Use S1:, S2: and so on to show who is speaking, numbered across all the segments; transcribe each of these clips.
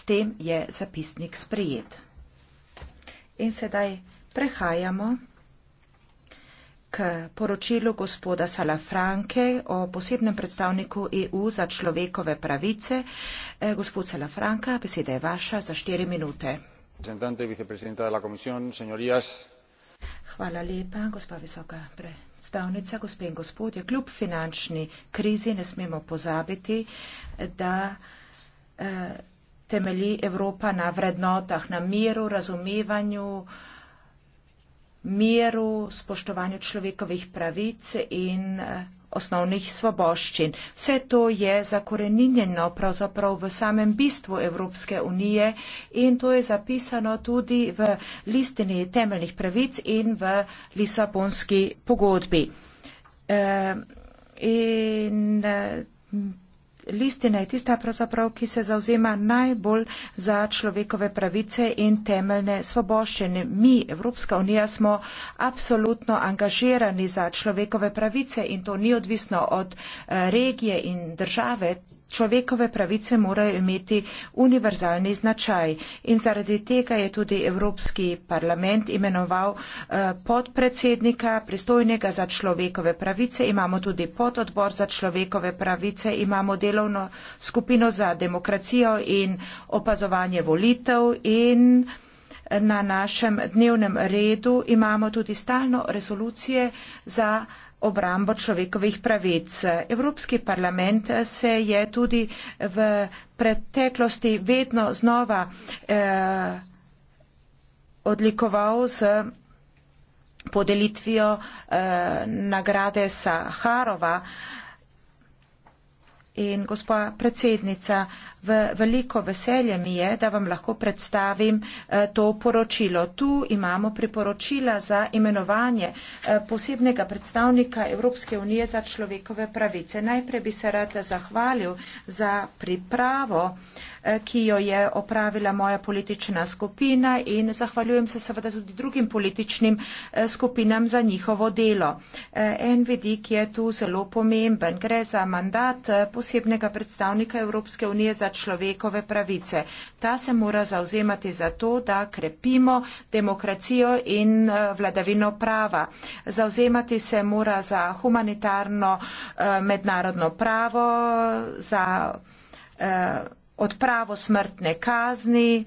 S1: S tem je zapisnik sprejet. In sedaj prehajamo k poročilu gospoda Salafranke o posebnem predstavniku EU za človekove pravice. E, gospod Salafranka, beseda je vaša za štiri minute. Hvala lepa, gospa visoka predstavnica, gospe in gospodje. Kljub finančni krizi ne smemo pozabiti, da. Eh, temelji Evropa na vrednotah, na miru, razumevanju, miru, spoštovanju človekovih pravic in eh, osnovnih svoboščin. Vse to je zakoreninjeno pravzaprav v samem bistvu Evropske unije in to je zapisano tudi v listini temeljnih pravic in v Lisabonski pogodbi. E, in, eh, listina je tista, ki se zauzema najbolj za človekove pravice in temeljne svoboščine. Mi, Evropska unija, smo absolutno angažirani za človekove pravice in to ni odvisno od eh, regije in države, človekove pravice morajo imeti univerzalni značaj in zaradi tega je tudi Evropski parlament imenoval eh, podpredsednika pristojnega za človekove pravice, imamo tudi pododbor za človekove pravice, imamo delovno skupino za demokracijo in opazovanje volitev in na našem dnevnem redu imamo tudi stalno resolucije za obrambo človekovih pravic. Evropski parlament se je tudi v preteklosti vedno znova eh, odlikoval z podelitvijo eh, nagrade Saharova. Eh, In gospa predsednica, v veliko veselje mi je, da vam lahko predstavim eh, to poročilo. Tu imamo priporočila za imenovanje eh, posebnega predstavnika Evropske unije za človekove pravice. Najprej bi se rad zahvalil za pripravo Eh, ki jo je opravila moja politična skupina in zahvaljujem se seveda tudi drugim političnim eh, skupinam za njihovo delo. Eh, en vidik je tu zelo pomemben. Gre za mandat posebnega predstavnika Evropske unije za človekove pravice. Ta se mora zauzemati za to, da krepimo demokracijo in vladavino prava. Zauzemati se mora za humanitarno mednarodno pravo, za odpravo smrtne kazni,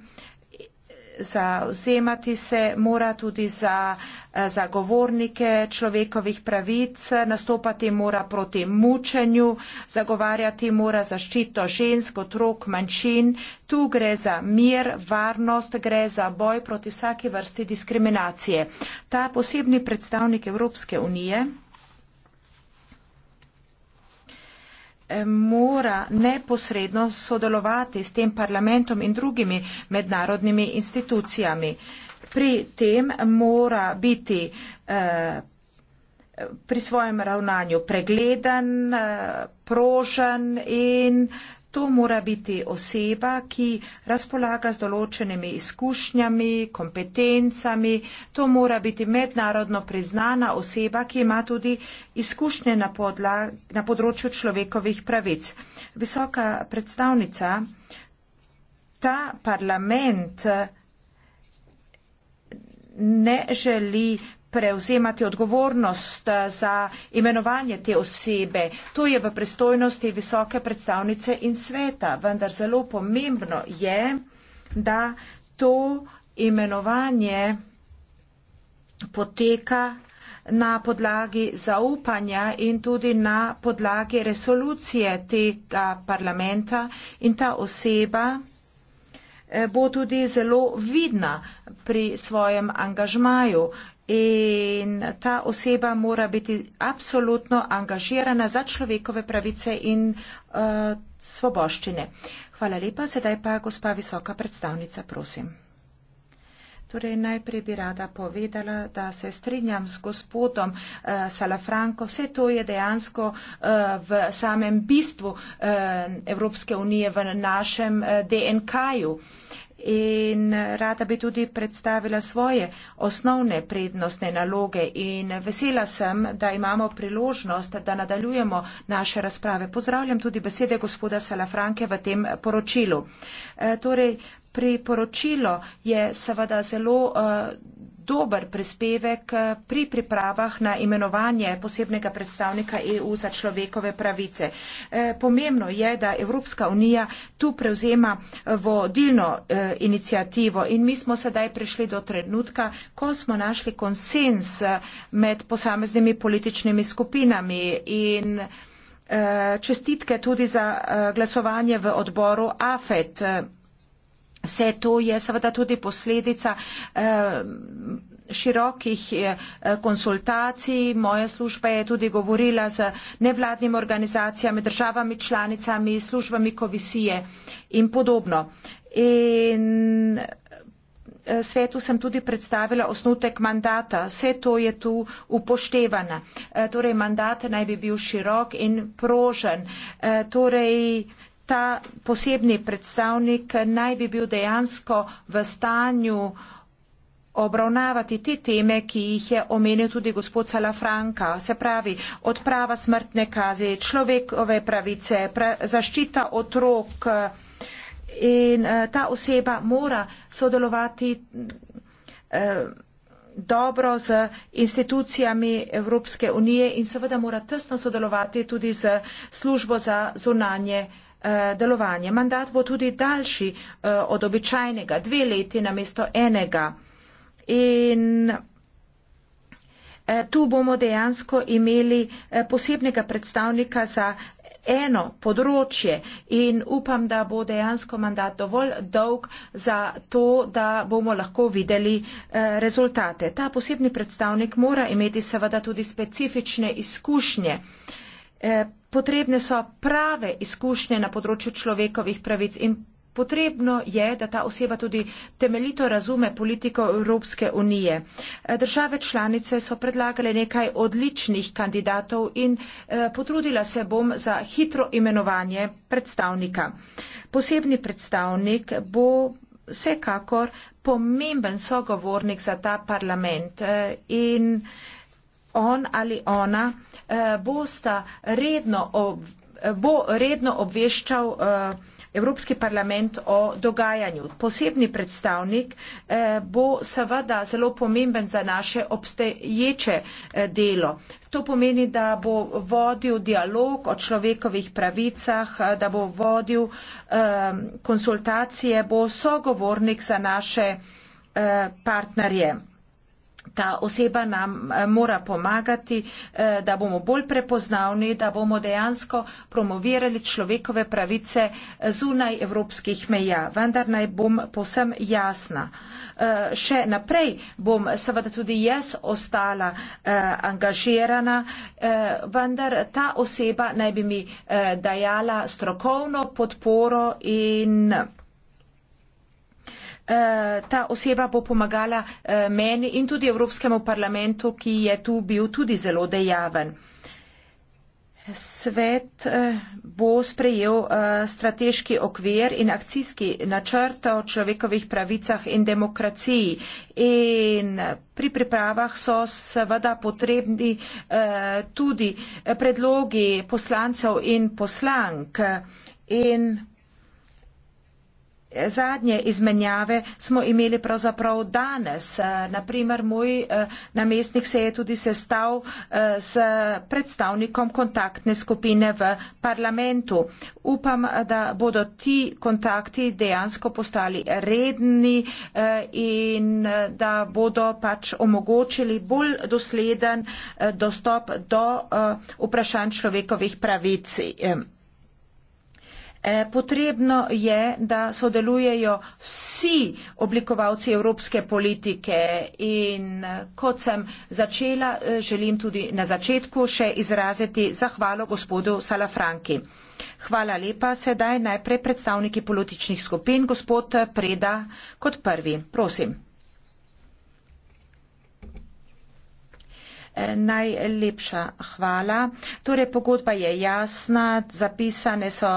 S1: zauzemati se mora tudi za eh, zagovornike človekovih pravic, nastopati mora proti mučenju, zagovarjati mora zaščito žensk, otrok, manjšin. Tu gre za mir, varnost, gre za boj proti vsaki vrsti diskriminacije. Ta posebni predstavnik Evropske unije Eh, mora neposredno sodelovati s tem parlamentom in drugimi mednarodnimi institucijami. Pri tem mora biti eh, pri svojem ravnanju pregleden, eh, prožen in To mora biti oseba, ki razpolaga z določenimi izkušnjami, kompetencami, to mora biti mednarodno priznana oseba, ki ima tudi izkušnje na, podlag, na področju človekovih pravic. Visoka predstavnica, ta parlament ne želi prevzemati odgovornost eh, za imenovanje te osebe. To je v pristojnosti visoke predstavnice in sveta, vendar zelo pomembno je, da to imenovanje poteka na podlagi zaupanja in tudi na podlagi resolucije tega parlamenta in ta oseba eh, bo tudi zelo vidna pri svojem angažmaju In ta oseba mora biti absolutno angažirana za človekove pravice in uh, svoboščine. Hvala lepa. Sedaj pa gospa visoka predstavnica, prosim. Torej, najprej bi rada povedala, da se strinjam s gospodom uh, Salafranko. Vse to je dejansko uh, v samem bistvu uh, Evropske unije, v našem uh, DNK-ju. Uh, in rada bi tudi predstavila svoje osnovne prednostne naloge in vesela sem, da imamo priložnost, da nadaljujemo naše razprave. Pozdravljam tudi besede gospoda Salafranke v tem poročilu. E, torej, priporočilo je seveda zelo e, dober prispevek eh, pri pripravah na imenovanje posebnega predstavnika EU za človekove pravice. Eh, pomembno je, da Evropska unija tu prevzema eh, vodilno inicijativo in mi smo sedaj prišli do trenutka, ko smo našli konsens med posameznimi političnimi skupinami in čestitke tudi za glasovanje v odboru AFET. Vse to je seveda tudi posledica eh, širokih eh, konsultacij. Moja služba je tudi govorila z nevladnimi organizacijami, državami, članicami, službami komisije in podobno. In eh, svetu sem tudi predstavila osnutek mandata. Vse to je tu upoštevano. Torej, mandat naj bi bil širok in prožen. Torej, ta posebni predstavnik naj bi bil dejansko v stanju obravnavati te teme, ki jih je omenil tudi gospod Salafranka, se pravi odprava smrtne kaze, človekove pravice, pra zaščita otrok in eh, ta oseba mora sodelovati eh, dobro z institucijami Evropske unije in seveda mora tesno sodelovati tudi z službo za zunanje eh, Eh, delovanje. Mandat bo tudi daljši eh, od običajnega, dve leti namesto enega. In eh, tu bomo dejansko imeli posebnega predstavnika za eno področje in upam, da bo dejansko mandat dovolj dolg za to, da bomo lahko videli rezultate. Ta posebni predstavnik mora imeti seveda tudi specifične izkušnje potrebne so prave izkušnje na področju človekovih pravic in potrebno je, da ta oseba tudi temeljito razume politiko Evropske unije. Države članice so predlagale nekaj odličnih kandidatov in eh, potrudila se bom za hitro imenovanje predstavnika. Posebni predstavnik bo vsekakor pomemben sogovornik za ta parlament eh, in on ali ona eh, bosta redno, bo redno obveščal eh, Evropski parlament o dogajanju. Posebni predstavnik eh, bo seveda zelo pomemben za naše obstoječe delo. To pomeni, da bo vodil dialog o človekovih pravicah, da bo vodil konsultacije, bo sogovornik za naše partnerje ta oseba nam eh, mora pomagati, eh, da bomo bolj prepoznavni, da bomo dejansko promovirali človekove pravice eh, zunaj evropskih meja. Vendar naj bom posem jasna. Še naprej bom seveda tudi jaz ostala angažirana, vendar ta oseba naj bi mi dajala strokovno podporo in Eh, ta oseba bo pomagala eh, meni in tudi Evropskemu parlamentu, ki je tu bil tudi zelo dejaven. Svet eh, bo sprejel strateški okvir in akcijski načrt o človekovih pravicah in demokraciji. In pri pripravah so seveda potrebni tudi predlogi poslancev in poslank. In Zadnje izmenjave smo imeli pravzaprav danes. Eh, Naprimer, moj eh, namestnik se je tudi sestal eh, s predstavnikom kontaktne skupine v parlamentu. Upam, da bodo ti kontakti dejansko postali redni in da bodo pač omogočili bolj dosleden dostop do vprašanj človekovih pravic. Eh, potrebno je, da sodelujejo vsi oblikovalci evropske politike in eh, kot sem začela, eh, želim tudi na začetku še izraziti zahvalo gospodu Salafranki. Hvala lepa, sedaj najprej predstavniki političnih skupin, gospod Preda kot prvi. Prosim. Najlepša hvala. Torej, pogodba je jasna, zapisane so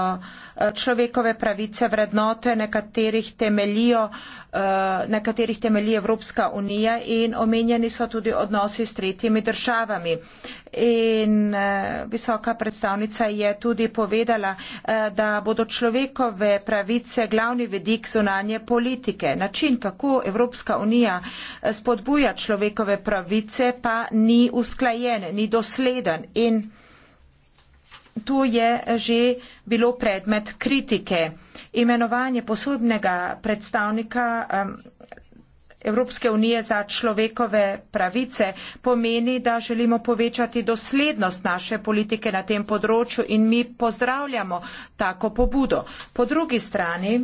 S1: človekove pravice, vrednote, na katerih temelijo eh, na katerih temelji Evropska unija in omenjeni so tudi odnosi s tretjimi državami. In eh, visoka predstavnica je tudi povedala, eh, da bodo človekove pravice glavni vidik zunanje politike. Način, kako Evropska unija spodbuja človekove pravice, pa ni usklajen, ni dosleden in tu je že bilo predmet kritike. Imenovanje posebnega predstavnika Evropske unije za človekove pravice pomeni, da želimo povečati doslednost naše politike na tem področju in mi pozdravljamo tako pobudo. Po drugi strani,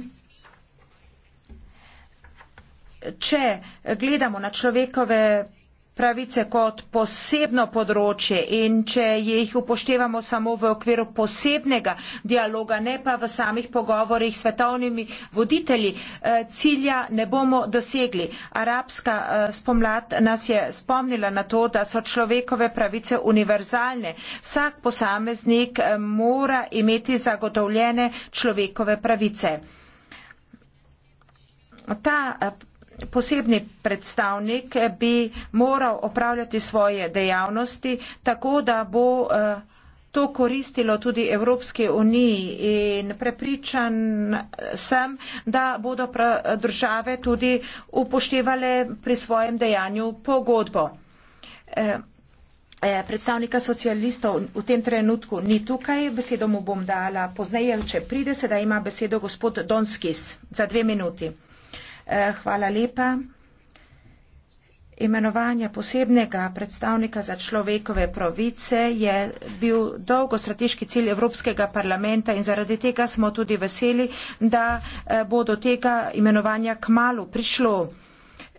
S1: če gledamo na človekove pravice, pravice kot posebno področje in če jih upoštevamo samo v okviru posebnega dialoga, ne pa v samih pogovorih s svetovnimi voditelji, eh, cilja ne bomo dosegli. Arabska eh, spomlad nas je spomnila na to, da so človekove pravice univerzalne. Vsak posameznik eh, mora imeti zagotovljene človekove pravice. Ta posebni predstavnik bi moral opravljati svoje dejavnosti tako, da bo eh, to koristilo tudi Evropske unije in prepričan eh, sem, da bodo države tudi upoštevale pri svojem dejanju pogodbo. Eh, predstavnika socialistov v tem trenutku ni tukaj, besedo mu bom dala pozneje, če pride, sedaj ima besedo gospod Donskis za dve minuti. Eh, hvala lepa. Imenovanje posebnega predstavnika za človekove pravice je bil dolgo strateški cilj Evropskega parlamenta in zaradi tega smo tudi veseli, da eh, bo do tega imenovanja k malu prišlo.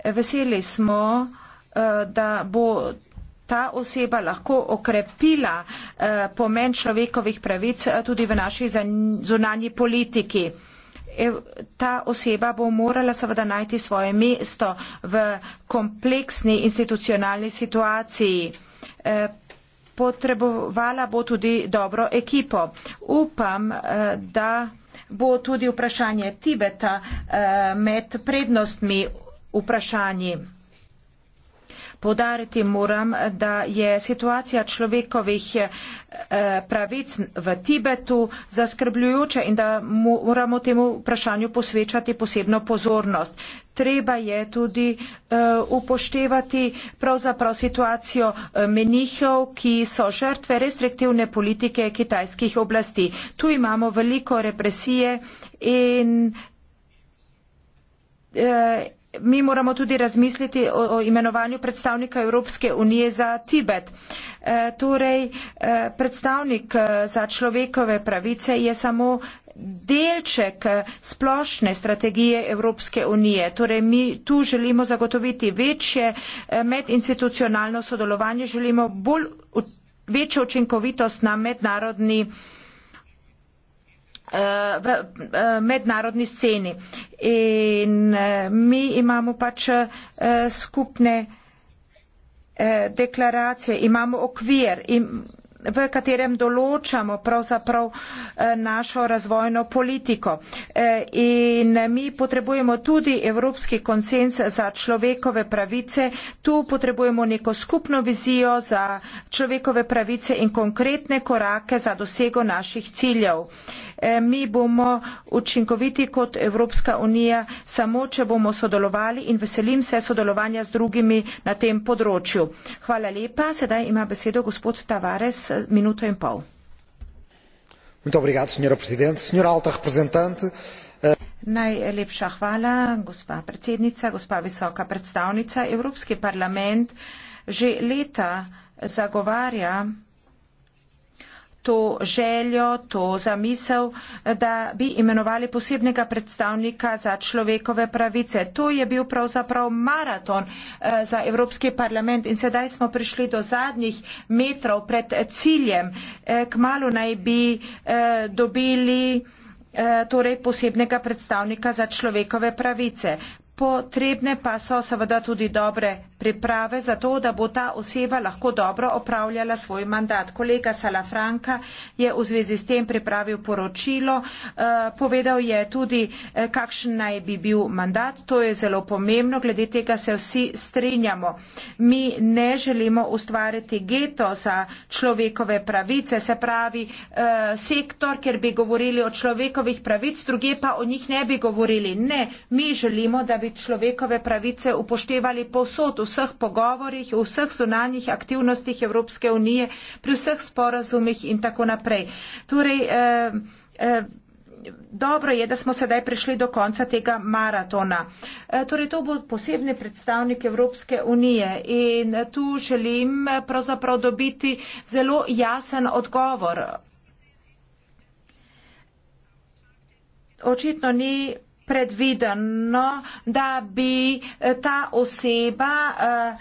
S1: Veseli smo, eh, da bo ta oseba lahko okrepila pomen človekovih pravic tudi v naši zunanji politiki ta oseba bo morala seveda najti svoje mesto v kompleksni institucionalni situaciji. E, potrebovala bo tudi dobro ekipo. Upam, e, da bo tudi vprašanje Tibeta e, med prednostmi vprašanji. Podariti moram, da je situacija človekovih eh, pravic v Tibetu zaskrbljujoča in da moramo temu vprašanju posvečati posebno pozornost. Treba je tudi eh, upoštevati pravzaprav situacijo eh, menihov, ki so žrtve restriktivne politike kitajskih oblasti. Tu imamo veliko represije in mi moramo tudi razmisliti o, o imenovanju predstavnika Evropske unije za Tibet. E, torej, e, predstavnik e, za človekove pravice je samo delček e, splošne strategije Evropske unije. Torej, mi tu želimo zagotoviti večje e, medinstitucionalno sodelovanje, želimo bolj, večjo učinkovitost na mednarodni eh, Eh, v eh, mednarodni sceni. In eh, mi imamo pač skupne deklaracije, imamo okvir, v katerem določamo pravzaprav našo razvojno politiko. In mi potrebujemo tudi Evropski konsens za človekove pravice, tu potrebujemo neko skupno vizijo za človekove pravice in konkretne korake za dosego naših ciljev. E, mi bomo učinkoviti kot Evropska unija samo, če bomo sodelovali in veselim se sodelovanja z drugimi na tem področju. Hvala lepa. Sedaj ima besedo gospod Tavares minuto in pol. Muito obrigado, senhora presidente. Senhora alta representante. Eh, Najlepša hvala, gospa predsednica, gospa visoka predstavnica. Evropski parlament že leta zagovarja to željo, to zamisel, da bi imenovali posebnega predstavnika za človekove pravice. To je bil pravzaprav maraton eh, za Evropski parlament in sedaj smo prišli do zadnjih metrov pred ciljem. Eh, Kmalo naj bi eh, dobili torej posebnega predstavnika za človekove pravice potrebne pa so seveda tudi dobre priprave za to, da bo ta oseba lahko dobro opravljala svoj mandat. Kolega Salafranka je v zvezi s tem pripravil poročilo, eh, povedal je tudi, eh, kakšen naj bi bil mandat. To je zelo pomembno, glede tega se vsi strinjamo. Mi ne želimo ustvariti geto za človekove pravice, se pravi eh, sektor, ker bi govorili o človekovih pravic, druge pa o njih ne bi govorili. Ne, mi želimo, da bi bi človekove pravice upoštevali povsod, v vseh pogovorjih, v vseh zunanjih aktivnostih Evropske unije, pri vseh sporazumih in tako naprej. Torej, eh, eh, Dobro je, da smo sedaj prišli do konca tega maratona. Eh, torej, to bo posebni predstavnik Evropske unije in tu želim pravzaprav dobiti zelo jasen odgovor. Očitno ni predvideno, da bi eh, ta oseba eh,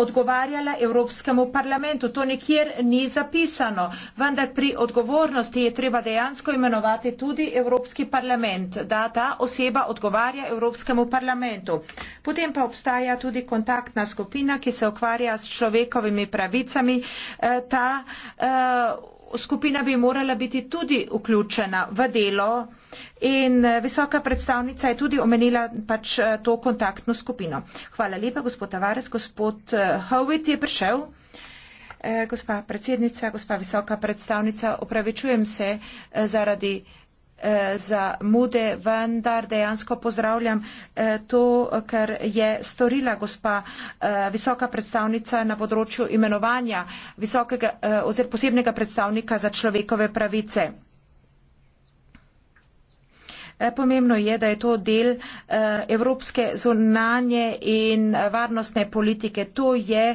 S1: odgovarjala Evropskemu parlamentu. To nikjer ni zapisano, vendar pri odgovornosti je treba dejansko imenovati tudi Evropski parlament, da ta oseba odgovarja Evropskemu parlamentu. Potem pa obstaja tudi kontaktna skupina, ki se ukvarja s človekovimi pravicami. Eh, ta uh, skupina bi morala biti tudi vključena v delo in eh, visoka predstavnica je tudi omenila pač eh, to kontaktno skupino. Hvala lepa, gospod Tavares, gospod eh, Howitt je prišel. Gospa predsednica, gospa visoka predstavnica, opravičujem se zaradi. Eh, za mude, vendar dejansko pozdravljam eh, to, kar je storila gospa eh, visoka predstavnica na področju imenovanja visokega oziroma posebnega predstavnika za človekove pravice. Pomembno je, da je to del evropske zunanje in varnostne politike. To je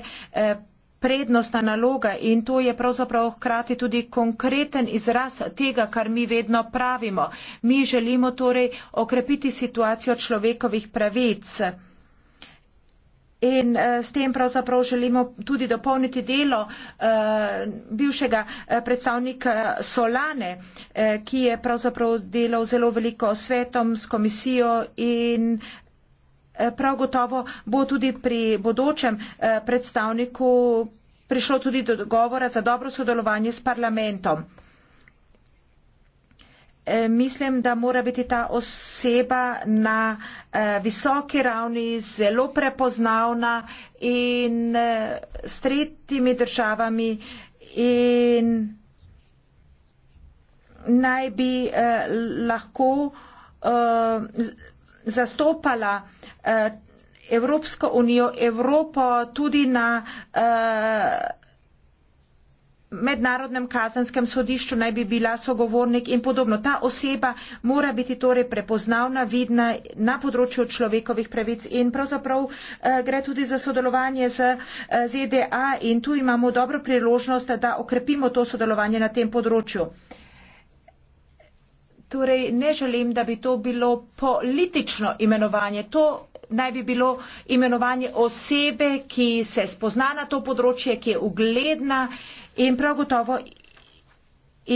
S1: prednostna naloga in to je pravzaprav hkrati tudi konkreten izraz tega, kar mi vedno pravimo. Mi želimo torej okrepiti situacijo človekovih pravic. In eh, s tem pravzaprav želimo tudi dopolniti delo eh, bivšega eh, predstavnika Solane, ki je pravzaprav delal zelo veliko s svetom, s komisijo in Eh, prav gotovo bo tudi pri bodočem eh, predstavniku prišlo tudi do dogovora za dobro sodelovanje s parlamentom. Eh, mislim, da mora biti ta oseba na visoki ravni zelo prepoznavna in s tretjimi državami in naj bi lahko zastopala eh, Eh, Evropsko unijo, Evropo tudi na eh, mednarodnem kazenskem sodišču naj bi bila sogovornik in podobno. Ta oseba mora biti torej prepoznavna, vidna na področju človekovih pravic in pravzaprav eh, gre tudi za sodelovanje z eh, ZDA in tu imamo dobro priložnost, da okrepimo to sodelovanje na tem področju. Torej, ne želim, da bi to bilo politično imenovanje. To naj bi bilo imenovanje osebe, ki se spozna na to področje, ki je ugledna in prav gotovo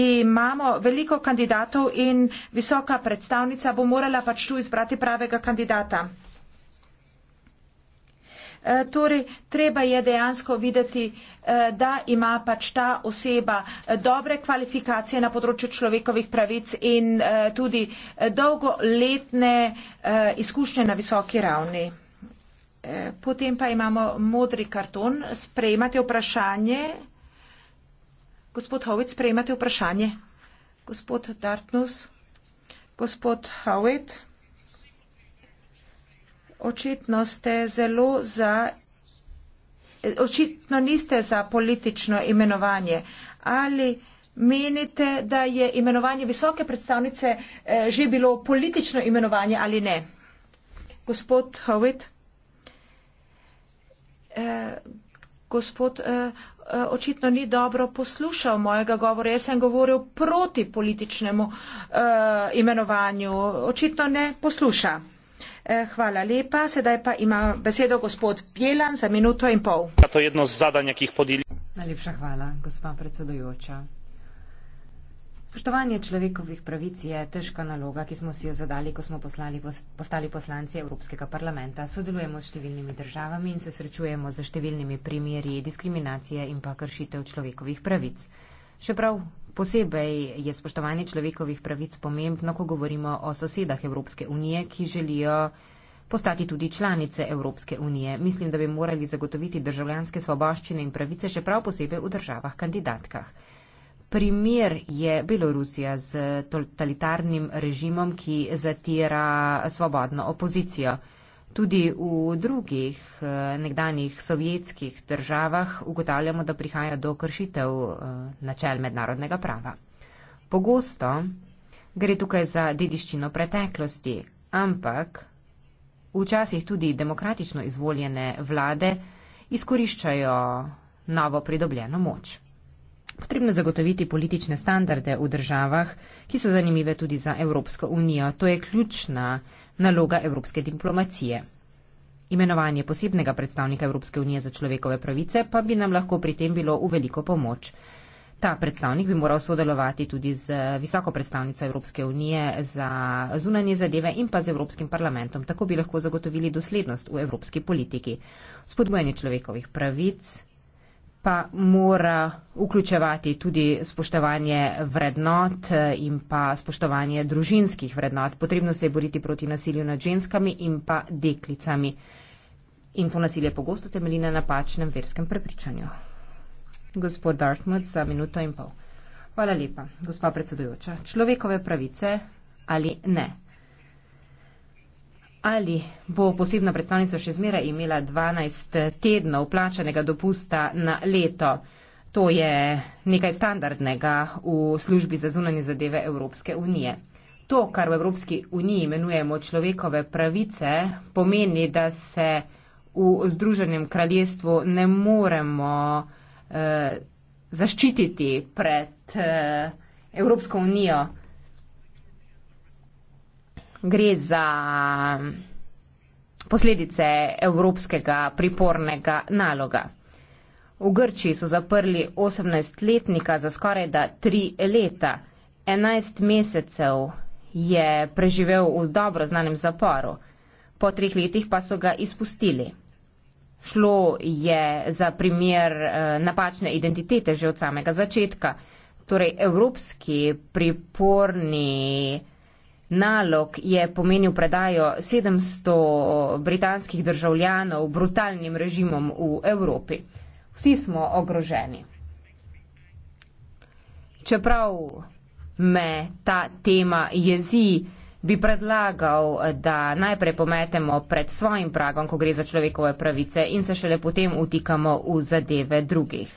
S1: imamo veliko kandidatov in visoka predstavnica bo morala pač tu izbrati pravega kandidata. Eh, torej, treba je dejansko videti, eh, da ima pač ta oseba eh, dobre kvalifikacije na področju človekovih pravic in tudi dolgoletne izkušnje na visoki ravni. Potem pa imamo modri karton. Sprejmate vprašanje. Gospod Hovic, sprejmate vprašanje. Gospod Dartnus. Gospod Hovic očitno ste zelo za, očitno niste za politično imenovanje. Ali menite, da je imenovanje visoke predstavnice eh, že bilo politično imenovanje ali ne? Gospod Howitt. Eh, gospod eh, očitno ni dobro poslušal mojega govora. Jaz sem govoril proti političnemu imenovanju. Očitno ne posluša. Eh, hvala lepa. Sedaj pa ima besedo gospod Bjelan za minuto in pol.
S2: To je jedno z zadanj, ki jih podeli.
S1: Najlepša hvala, gospa predsedojoča. Poštovanje
S3: človekovih pravic je težka naloga, ki smo si jo zadali, ko smo poslali, postali poslanci Evropskega parlamenta. Sodelujemo s številnimi državami in se srečujemo za številnimi primeri diskriminacije in pa kršitev človekovih pravic. Še prav Posebej je spoštovanje človekovih pravic pomembno, ko govorimo o sosedah Evropske unije, ki želijo postati tudi članice Evropske unije. Mislim, da bi morali zagotoviti državljanske svoboščine in pravice še prav posebej v državah kandidatkah. Primer je Belorusija z totalitarnim režimom, ki zatira svobodno opozicijo. Tudi v drugih eh, nekdanjih sovjetskih državah ugotavljamo, da prihaja do kršitev eh, načel mednarodnega prava. Pogosto gre tukaj za dediščino preteklosti, ampak včasih tudi demokratično izvoljene vlade izkoriščajo novo pridobljeno moč. Potrebno zagotoviti politične standarde v državah, ki so zanimive tudi za Evropsko unijo. To je ključna naloga evropske diplomacije. Imenovanje posebnega predstavnika Evropske unije za človekove pravice pa bi nam lahko pri tem bilo v veliko pomoč. Ta predstavnik bi moral sodelovati tudi z visoko predstavnico Evropske unije za zunanje zadeve in pa z Evropskim parlamentom. Tako bi lahko zagotovili doslednost v evropski politiki. Spodbojanje človekovih pravic, pa mora vključevati tudi spoštovanje vrednot eh, in pa spoštovanje družinskih vrednot. Potrebno se je boriti proti nasilju nad ženskami in pa deklicami. In to nasilje pogosto temelji na napačnem verskem prepričanju. Gospod Dartmouth, za minuto in pol. Hvala lepa, gospa predsedujoča. Človekove pravice ali ne? Ali bo posebna predstavnica še zmeraj imela 12 tednov plačanega dopusta na leto? To je nekaj standardnega v službi za zunanje zadeve Evropske unije. To, kar v Evropski uniji imenujemo človekove pravice, pomeni, da se v Združenem kraljestvu ne moremo eh, zaščititi pred eh, Evropsko unijo gre za mm, posledice evropskega pripornega naloga. V Grčiji so zaprli 18-letnika za skoraj da tri leta. 11 mesecev je preživel v dobro znanem zaporu, po treh letih pa so ga izpustili. Šlo je za primer eh, napačne identitete že od samega začetka. Torej, evropski priporni nalog je pomenil predajo 700 britanskih državljanov brutalnim režimom v Evropi. Vsi smo ogroženi. Čeprav me ta tema jezi, bi predlagal, da najprej pometemo pred svojim pragom, ko gre za človekove pravice in se šele potem utikamo v zadeve drugih.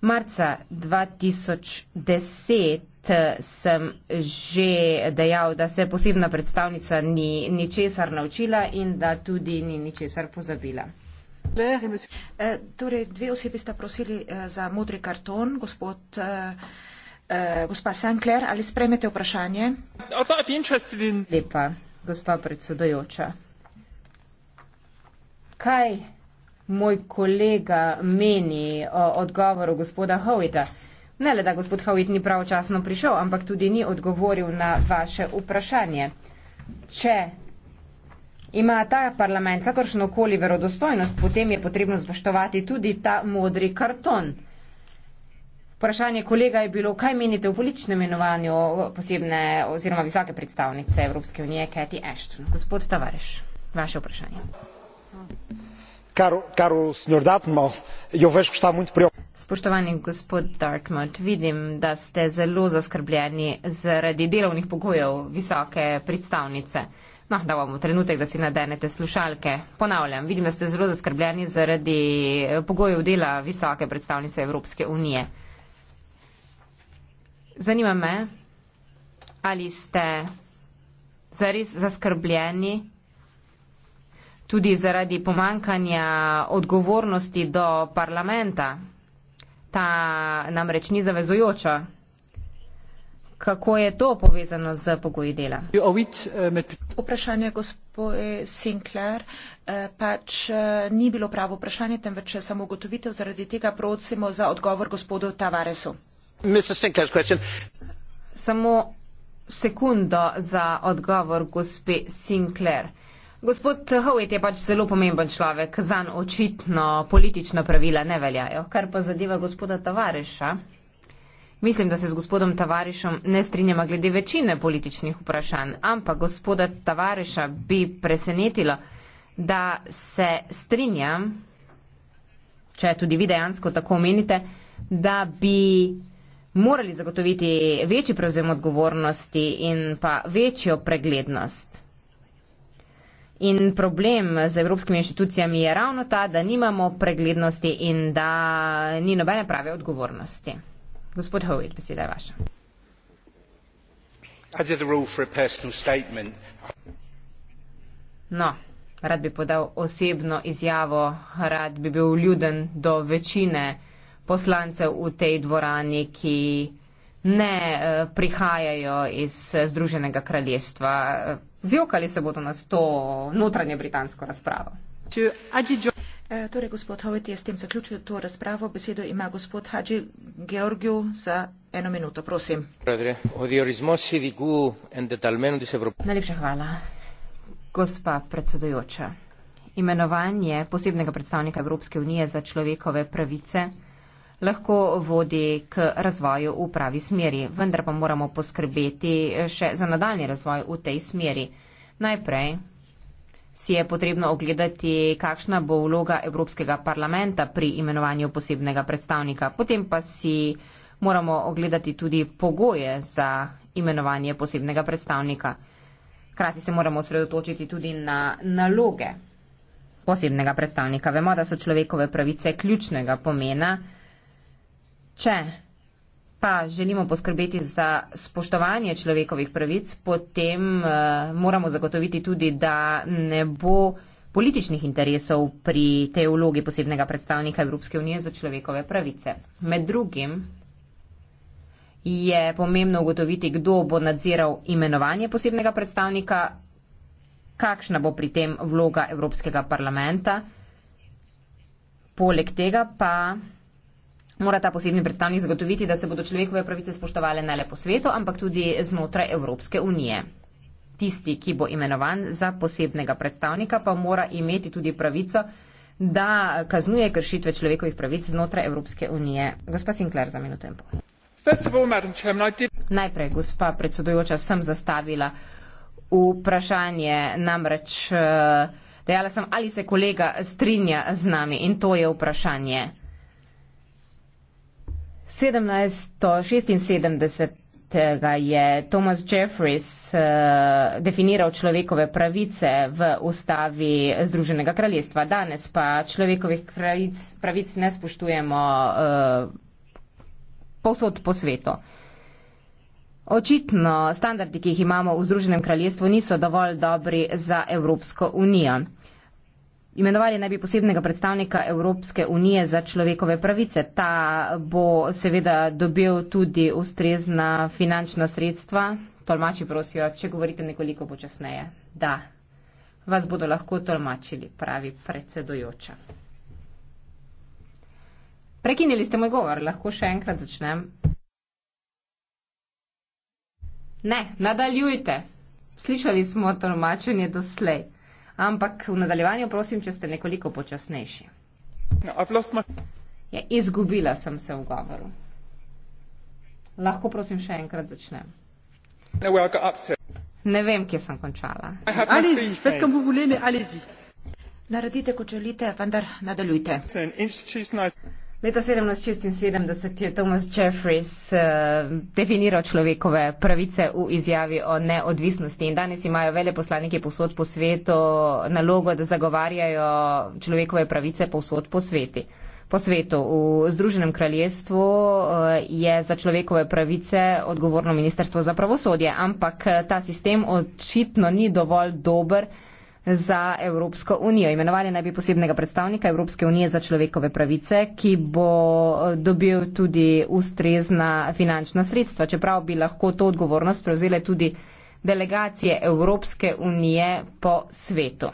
S3: Marca 2010 kot sem že dejal, da se posebna predstavnica ni ničesar naučila
S1: in da tudi ni ničesar pozabila. Eh, torej, dve osebi sta prosili eh, za modri karton, gospod. Uh, gospa Sankler, ali spremete vprašanje? Lepa, gospa predsedojoča.
S3: Kaj moj kolega meni o odgovoru gospoda Howita? Uh, Ne le, da gospod Hawit ni pravočasno prišel, ampak tudi ni odgovoril na vaše vprašanje. Če ima ta parlament kakršnokoli verodostojnost, potem je potrebno spoštovati tudi ta modri karton. Vprašanje kolega je bilo, kaj menite o političnem imenovanju posebne oziroma visoke predstavnice Evropske unije, Kathy Ashton. Gospod Tavares, vaše vprašanje.
S2: Hvala. Caro, caro Sr. Dartmouth, eu vejo que está muito preocupado.
S3: Spoštovani gospod Dartmouth, vidim, da ste zelo zaskrbljeni zaradi delovnih pogojev visoke predstavnice. No, da vam trenutek, da si nadenete slušalke. Ponavljam, vidim, da ste zelo zaskrbljeni zaradi eh, pogojev dela visoke predstavnice Evropske unije. Zanima me, ali ste zares zaskrbljeni tudi zaradi pomankanja odgovornosti do parlamenta. Ta namreč ni zavezujoča.
S1: Kako je to povezano z pogoji dela? Vprašanje gospoje Sinclair eh, pač eh, ni bilo pravo vprašanje, temveč samo ugotovitev. Zaradi tega prosimo za odgovor gospodu Tavaresu.
S3: Samo sekundo za odgovor gospe Sinclair. Gospod Howitt je pač zelo pomemben človek, zanj očitno politična pravila ne veljajo. Kar pa zadeva gospoda Tavareša, mislim, da se z gospodom Tavarešom ne strinjamo glede večine političnih vprašanj, ampak gospoda Tavareša bi presenetilo, da se strinjam, če tudi vi dejansko tako menite, da bi morali zagotoviti večji prevzem odgovornosti in pa večjo preglednost. In problem z evropskimi inštitucijami je ravno ta, da nimamo preglednosti in da ni nobene prave odgovornosti. Gospod Howitt, beseda je vaša. No, rad bi podal osebno izjavo, rad bi bil ljuden do večine poslancev v tej dvorani, ki ne eh, prihajajo iz eh, Združenega kraljestva. Eh, zjokali se bodo na to
S1: notranje britansko razpravo. Torej, gospod Hovet, jaz s tem zaključujem to razpravo. Besedo ima gospod Hadži Georgiju za eno minuto. Prosim. Najlepša hvala. Gospa
S3: predsedujoča, imenovanje posebnega predstavnika Evropske unije za človekove pravice lahko vodi k razvoju v pravi smeri, vendar pa moramo poskrbeti še za nadaljni razvoj v tej smeri. Najprej si je potrebno ogledati, kakšna bo vloga Evropskega parlamenta pri imenovanju posebnega predstavnika, potem pa si moramo ogledati tudi pogoje za imenovanje posebnega predstavnika. Krati se moramo osredotočiti tudi na naloge posebnega predstavnika. Vemo, da so človekove pravice ključnega pomena, Če pa želimo poskrbeti za spoštovanje človekovih pravic, potem uh, moramo zagotoviti tudi, da ne bo političnih interesov pri tej vlogi posebnega predstavnika Evropske unije za človekove pravice. Med drugim je pomembno ugotoviti, kdo bo nadziral imenovanje posebnega predstavnika, kakšna bo pri tem vloga Evropskega parlamenta. Poleg tega pa mora ta posebni predstavnik zagotoviti, da se bodo človekove pravice spoštovale ne le po svetu, ampak tudi znotraj Evropske unije. Tisti, ki bo imenovan za posebnega predstavnika, pa mora imeti tudi pravico, da kaznuje kršitve človekovih pravic znotraj Evropske unije. Gospa Sinclair, za minuto in pol. All, Chairman, did... Najprej, gospa predsedujoča, sem zastavila vprašanje, namreč eh, dejala sem, ali se kolega strinja z nami in to je vprašanje. 1776 je Thomas Jeffries uh, definiral človekove pravice v ustavi Združenega kraljestva. Danes pa človekovih pravic, pravic ne spoštujemo uh, eh, posod po svetu. Očitno standardi, ki jih imamo v Združenem kraljestvu, niso dovolj dobri za Evropsko unijo. Imenovali naj bi posebnega predstavnika Evropske unije za človekove pravice. Ta bo seveda dobil tudi ustrezna finančna sredstva. Tolmači prosijo, če govorite nekoliko počasneje, da vas bodo lahko tolmačili, pravi predsedojoča. Prekinili ste moj govor, lahko še enkrat začnem. Ne, nadaljujte. Slišali smo tolmačenje doslej ampak v nadaljevanju prosim, če ste nekoliko počasnejši. No, ja, izgubila sem se v govoru. Lahko prosim še enkrat začnem. No, ne vem, kje sem končala. Naredite, kot želite, vendar nadaljujte. Leta 1776 je Thomas Jeffries uh, definiral človekove pravice v izjavi o neodvisnosti in danes imajo veleposlaniki posod po svetu nalogo, da zagovarjajo človekove pravice posod po, sveti, po svetu. V Združenem kraljestvu uh, je za človekove pravice odgovorno Ministrstvo za pravosodje, ampak eh, ta sistem očitno ni dovolj dober za Evropsko unijo. Imenovali naj bi posebnega predstavnika Evropske unije za človekove pravice, ki bo eh, dobil tudi ustrezna finančna sredstva. Čeprav bi lahko to odgovornost prevzele tudi delegacije Evropske unije po svetu.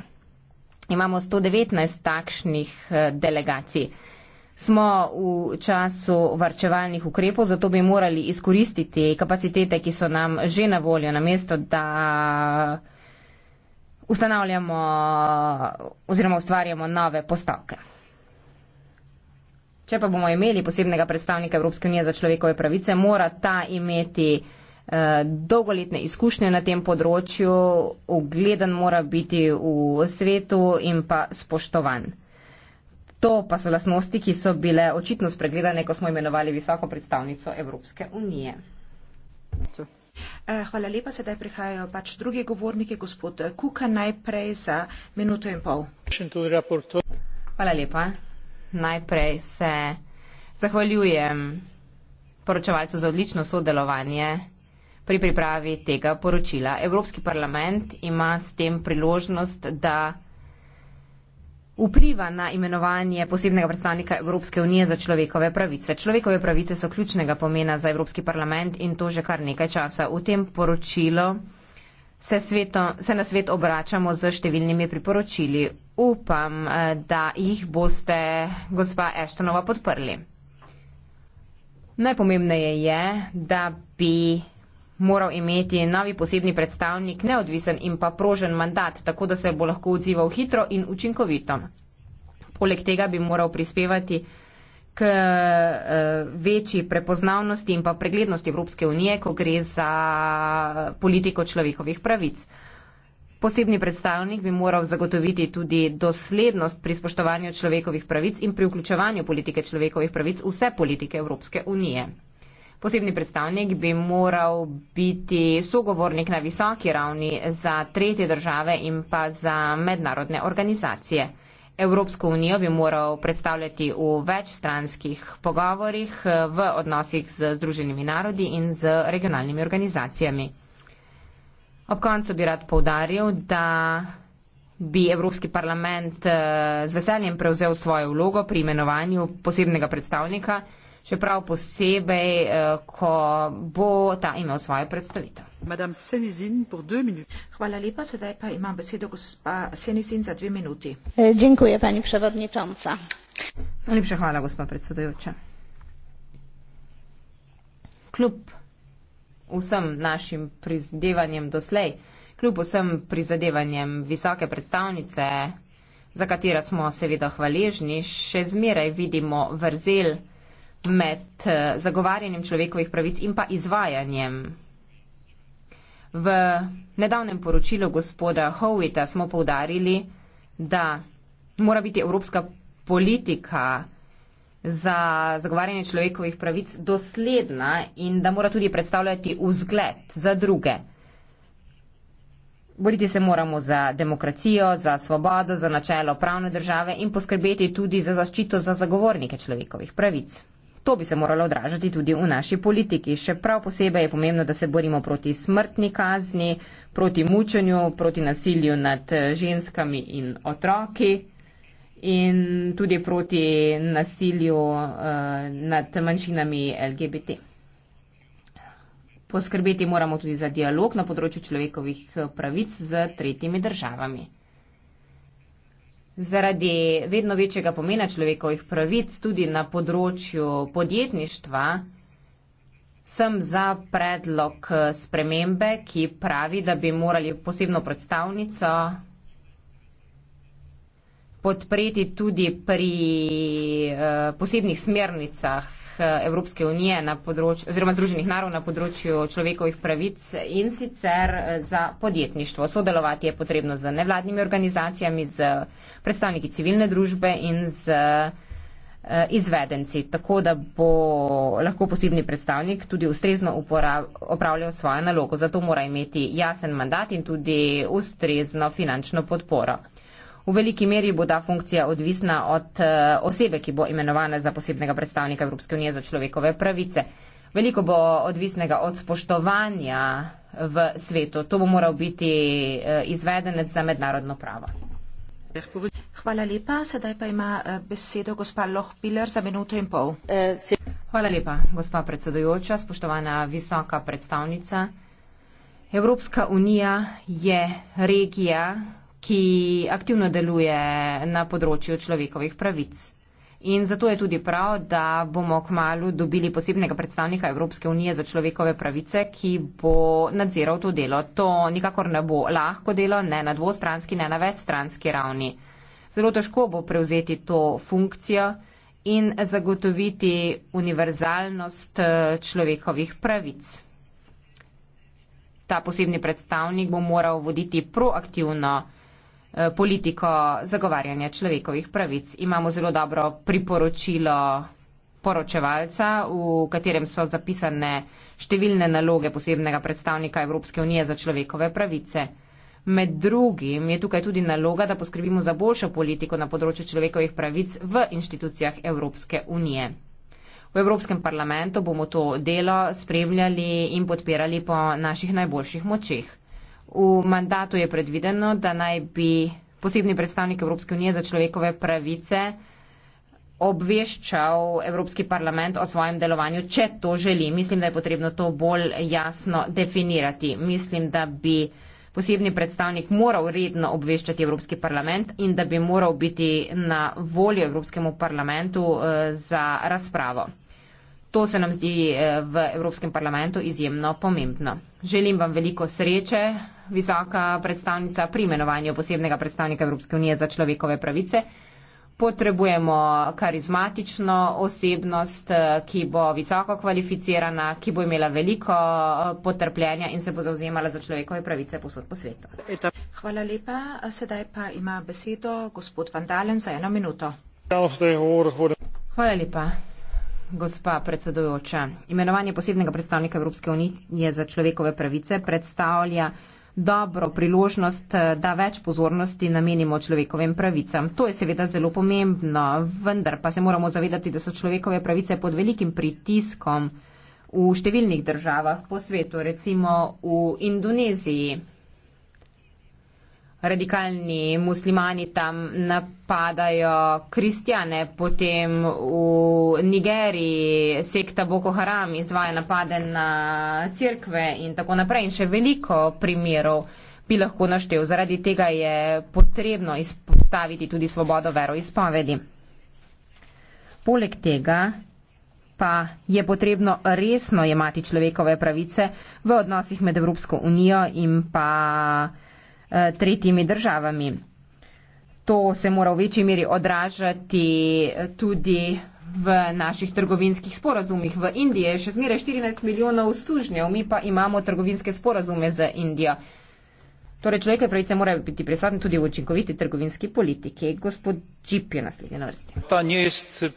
S3: Imamo 119 takšnih eh, delegacij. Smo v času varčevalnih ukrepov, zato bi morali izkoristiti kapacitete, ki so nam že na voljo, namesto da ustanavljamo oziroma ustvarjamo nove postavke. Če pa bomo imeli posebnega predstavnika Evropske unije za človekove pravice, mora ta imeti eh, dolgoletne izkušnje na tem področju, ugleden mora biti v svetu in pa spoštovan. To pa so lasnosti, ki so bile očitno spregledane, ko smo imenovali visoko predstavnico Evropske unije. Če.
S1: Eh, hvala lepa, sedaj prihajajo pač druge govornike, gospod Kuka najprej za minuto in pol. Hvala lepa. Najprej se
S3: zahvaljujem poročevalcu za odlično sodelovanje pri pripravi tega poročila. Evropski parlament ima s tem priložnost, da vpliva na imenovanje posebnega predstavnika Evropske unije za človekove pravice. Človekove pravice so ključnega pomena za Evropski parlament in to že kar nekaj časa. V tem poročilu se, sveto, se na svet obračamo z številnimi priporočili. Upam, eh, da jih boste, gospa Eštonova, podprli. Najpomembneje je, da bi moral imeti novi posebni predstavnik neodvisen in pa prožen mandat, tako da se bo lahko odzival hitro in učinkovito. Poleg tega bi moral prispevati k eh, večji prepoznavnosti in pa preglednosti Evropske unije, ko gre za politiko človekovih pravic. Posebni predstavnik bi moral zagotoviti tudi doslednost pri spoštovanju človekovih pravic in pri vključevanju politike človekovih pravic vse politike Evropske unije. Posebni predstavnik bi moral biti sogovornik na visoki ravni za tretje države in pa za mednarodne organizacije. Evropsko unijo bi moral predstavljati v večstranskih pogovorih, v odnosih z Združenimi narodi in z regionalnimi organizacijami. Ob koncu bi rad povdaril, da bi Evropski parlament eh, z veseljem prevzel svojo vlogo pri imenovanju posebnega predstavnika še prav posebej, eh, ko bo ta imel svojo
S1: predstavitev. Senizin, Hvala lepa, sedaj pa imam besedo gospa Senizin za dve minuti. E, dziękuję, pani przewodnicząca.
S3: Najlepša hvala, gospa predsedujoča. Kljub vsem našim prizadevanjem doslej, kljub vsem prizadevanjem visoke predstavnice, za katera smo seveda hvaležni, še zmeraj vidimo vrzel med eh, zagovarjanjem človekovih pravic in pa izvajanjem. V nedavnem poročilu gospoda Howita smo povdarili, da mora biti evropska politika za zagovarjanje človekovih pravic dosledna in da mora tudi predstavljati vzgled za druge. Boriti se moramo za demokracijo, za svobodo, za načelo pravne države in poskrbeti tudi za zaščito za zagovornike človekovih pravic. To bi se moralo odražati tudi v naši politiki. Še prav posebej je pomembno, da se borimo proti smrtni kazni, proti mučenju, proti nasilju nad ženskami in otroki in tudi proti nasilju eh, nad manjšinami LGBT. Poskrbeti moramo tudi za dialog na področju človekovih eh, pravic z tretjimi državami zaradi vedno večjega pomena človekovih pravic tudi na področju podjetništva, sem za predlog spremembe, ki pravi, da bi morali posebno predstavnico podpreti tudi pri uh, posebnih smernicah Evropske unije na področju, oziroma Združenih narov na področju človekovih pravic in sicer eh, za podjetništvo. Sodelovati je potrebno z nevladnimi organizacijami, z predstavniki civilne družbe in z eh, izvedenci, tako da bo lahko posebni predstavnik tudi ustrezno opravljal svojo nalogo. Zato mora imeti jasen mandat in tudi ustrezno finančno podporo. V veliki meri bo ta funkcija odvisna od eh, osebe, ki bo imenovana za posebnega predstavnika Evropske unije za človekove pravice. Veliko bo odvisnega od spoštovanja v svetu. To bo moral biti eh, izvedenec za mednarodno pravo.
S1: Hvala lepa. Sedaj pa ima eh, besedo gospa Lohpiller za minuto in pol. Hvala lepa, gospa predsedujoča, spoštovana visoka predstavnica.
S3: Evropska unija je regija, ki aktivno deluje na področju človekovih pravic. In zato je tudi prav, da bomo k malu dobili posebnega predstavnika Evropske unije za človekove pravice, ki bo nadziral to delo. To nikakor ne bo lahko delo, ne na dvostranski, ne na večstranski ravni. Zelo težko bo prevzeti to funkcijo in zagotoviti univerzalnost eh, človekovih pravic. Ta posebni predstavnik bo moral voditi proaktivno Eh, politiko zagovarjanja človekovih pravic. Imamo zelo dobro priporočilo poročevalca, v katerem so zapisane številne naloge posebnega predstavnika Evropske unije za človekove pravice. Med drugim je tukaj tudi naloga, da poskrbimo za boljšo politiko na področju človekovih pravic v inštitucijah Evropske unije. V Evropskem parlamentu bomo to delo spremljali in podpirali po naših najboljših močeh. V mandatu je predvideno, da naj bi posebni predstavnik Evropske unije za človekove pravice obveščal Evropski parlament o svojem delovanju, če to želi. Mislim, da je potrebno to bolj jasno definirati. Mislim, da bi posebni predstavnik moral redno obveščati Evropski parlament in da bi moral biti na voljo Evropskemu parlamentu eh, za razpravo. To se nam zdi eh, v Evropskem parlamentu izjemno pomembno. Želim vam veliko sreče visoka predstavnica pri imenovanju posebnega predstavnika Evropske unije za človekove pravice. Potrebujemo karizmatično osebnost, ki bo visoko kvalificirana, ki bo imela veliko eh, potrpljenja in se bo zauzemala za človekove pravice posod po svetu.
S1: Hvala lepa. Sedaj pa ima besedo gospod Vandalen za eno minuto.
S3: Hvala lepa, gospa predsedujoča. Imenovanje posebnega predstavnika Evropske unije za človekove pravice predstavlja dobro priložnost, eh, da več pozornosti namenimo človekovim pravicam. To je seveda zelo pomembno, vendar pa se moramo zavedati, da so človekove pravice pod velikim pritiskom v številnih državah po svetu, recimo v Indoneziji radikalni muslimani tam napadajo kristjane, potem v Nigeriji sekta Boko Haram izvaja napade na crkve in tako naprej. In še veliko primerov bi lahko naštel. Zaradi tega je potrebno izpostaviti tudi svobodo veroizpovedi. Poleg tega pa je potrebno resno jemati človekove pravice v odnosih med Evropsko unijo in pa Eh, tretjimi državami. To se mora v večji meri odražati eh, tudi v naših trgovinskih sporazumih. V Indiji je še zmeraj 14 milijonov sužnjev, mi pa imamo trgovinske sporazume z Indijo. Torej, človeške pravice morajo biti prisotne tudi v učinkoviti trgovinski politiki. Gospod Čip je naslednji na vrsti.
S2: Ta ni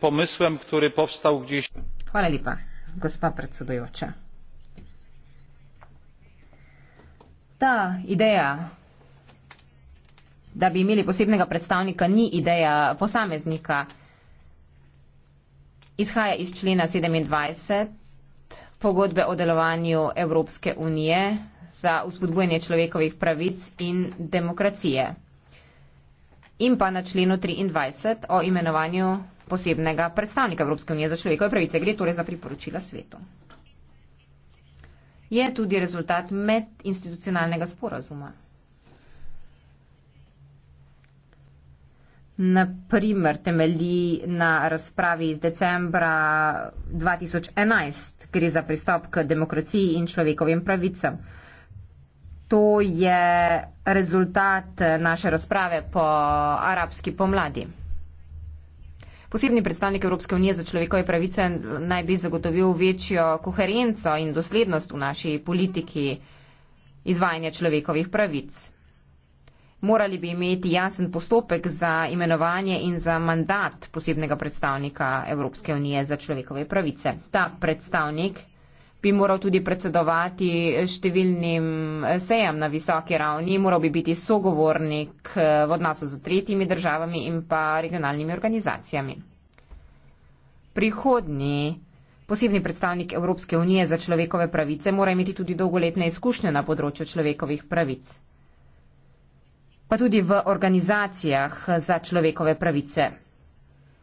S2: pomislem, ki je povstal gdiš.
S3: Hvala lepa, gospa predsedujoča. Ta ideja da bi imeli posebnega predstavnika, ni ideja posameznika. Izhaja iz člena 27 pogodbe o delovanju Evropske unije za uspodbujanje človekovih pravic in demokracije. In pa na členu 23 o imenovanju posebnega predstavnika Evropske unije za človekove pravice. Gre torej za priporočila svetu. Je tudi rezultat medinstitucionalnega sporazuma. naprimer temelji na razpravi iz decembra 2011, gre za pristop k demokraciji in človekovim pravicam. To je rezultat naše razprave po arabski pomladi. Posebni predstavnik Evropske unije za človekove pravice naj bi zagotovil večjo koherenco in doslednost v naši politiki izvajanja človekovih pravic morali bi imeti jasen postopek za imenovanje in za mandat posebnega predstavnika Evropske unije za človekove pravice. Ta predstavnik bi moral tudi predsedovati številnim sejam na visoki ravni, moral bi biti sogovornik eh, v odnosu z tretjimi državami in pa regionalnimi organizacijami. Prihodni posebni predstavnik Evropske unije za človekove pravice mora imeti tudi dolgoletne izkušnje na področju človekovih pravic pa tudi v organizacijah za človekove pravice.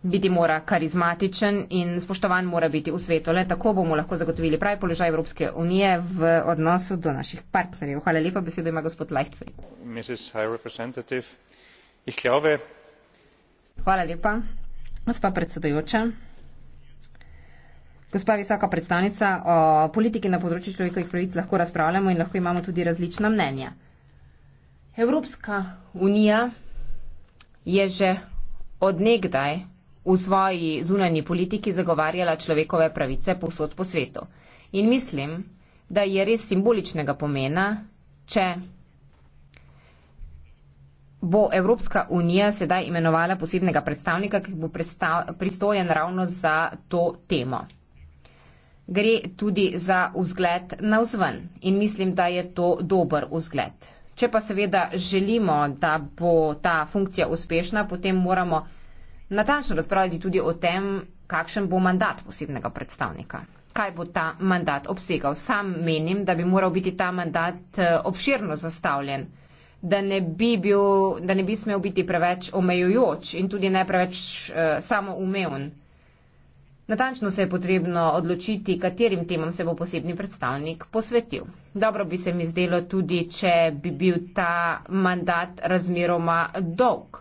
S3: Biti mora karizmatičen in spoštovan mora biti v svetu. Le tako bomo lahko zagotovili pravi položaj Evropske unije v odnosu do naših partnerjev. Hvala lepa, besedo ima gospod Leichtfried. Glaube... Hvala lepa, gospa predsedujoča. Gospa visoka predstavnica, o politiki na področju človekovih pravic lahko razpravljamo in lahko imamo tudi različna mnenja. Evropska unija je že odnegdaj v svoji zunanji politiki zagovarjala človekove pravice posod po svetu. In mislim, da je res simboličnega pomena, če bo Evropska unija sedaj imenovala posebnega predstavnika, ki bo pristojen ravno za to temo. Gre tudi za vzgled na vzven in mislim, da je to dober vzgled. Če pa seveda želimo, da bo ta funkcija uspešna, potem moramo natančno razpravljati tudi o tem, kakšen bo mandat posebnega predstavnika. Kaj bo ta mandat obsegal? Sam menim, da bi moral biti ta mandat eh, obširno zastavljen, da ne bi, bil, da ne bi smel biti preveč omejujoč in tudi ne preveč uh, samoumevn. Uh, Natančno se je potrebno odločiti, katerim temam se bo posebni predstavnik posvetil. Dobro bi se mi zdelo tudi, če bi bil ta mandat razmeroma dolg,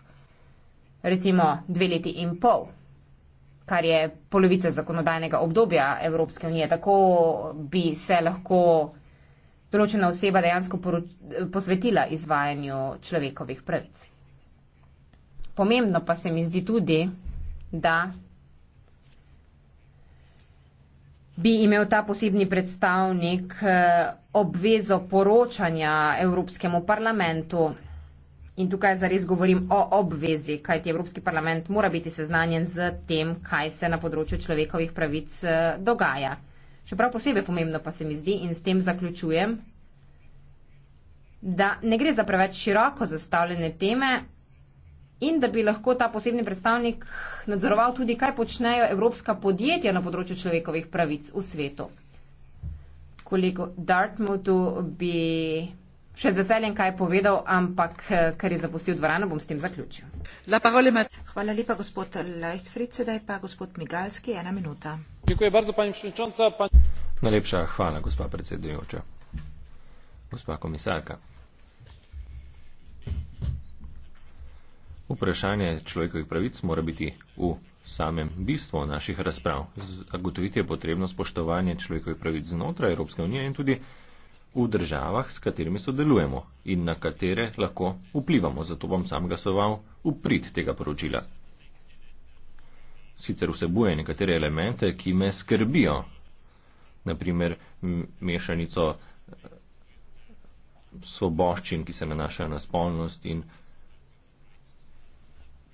S3: recimo dve leti in pol, kar je polovica zakonodajnega obdobja Evropske unije. Tako bi se lahko določena oseba dejansko posvetila izvajanju človekovih pravic. Pomembno pa se mi zdi tudi, da bi imel ta posebni predstavnik eh, obvezo poročanja Evropskemu parlamentu. In tukaj zares govorim o obvezi, kajti Evropski parlament mora biti seznanjen z tem, kaj se na področju človekovih pravic eh, dogaja. Še prav posebej pomembno pa se mi zdi in s tem zaključujem, da ne gre za preveč široko zastavljene teme, in da bi lahko ta posebni predstavnik nadzoroval tudi, kaj počnejo evropska podjetja na področju človekovih pravic v svetu. Kolego Dartmouthu bi še z veseljem kaj povedal, ampak ker je zapustil dvorano, bom s tem zaključil.
S1: Hvala lepa, gospod Leichtfried, sedaj pa gospod Migalski, ena minuta.
S2: Dziękuję bardzo, pani przewodnicząca. Pani... Najlepsza chwała, gospa predsedujoča. Gospa komisarka. Vprašanje človekovih pravic mora biti v samem bistvu naših razprav. Zagotoviti je potrebno spoštovanje človekovih pravic znotraj Evropske unije in tudi v državah, s katerimi sodelujemo in na katere lahko vplivamo. Zato bom sam glasoval v prid tega poročila. Sicer vsebuje nekatere elemente, ki me skrbijo, naprimer mešanico eh, svoboščin, ki se nanašajo na spolnost in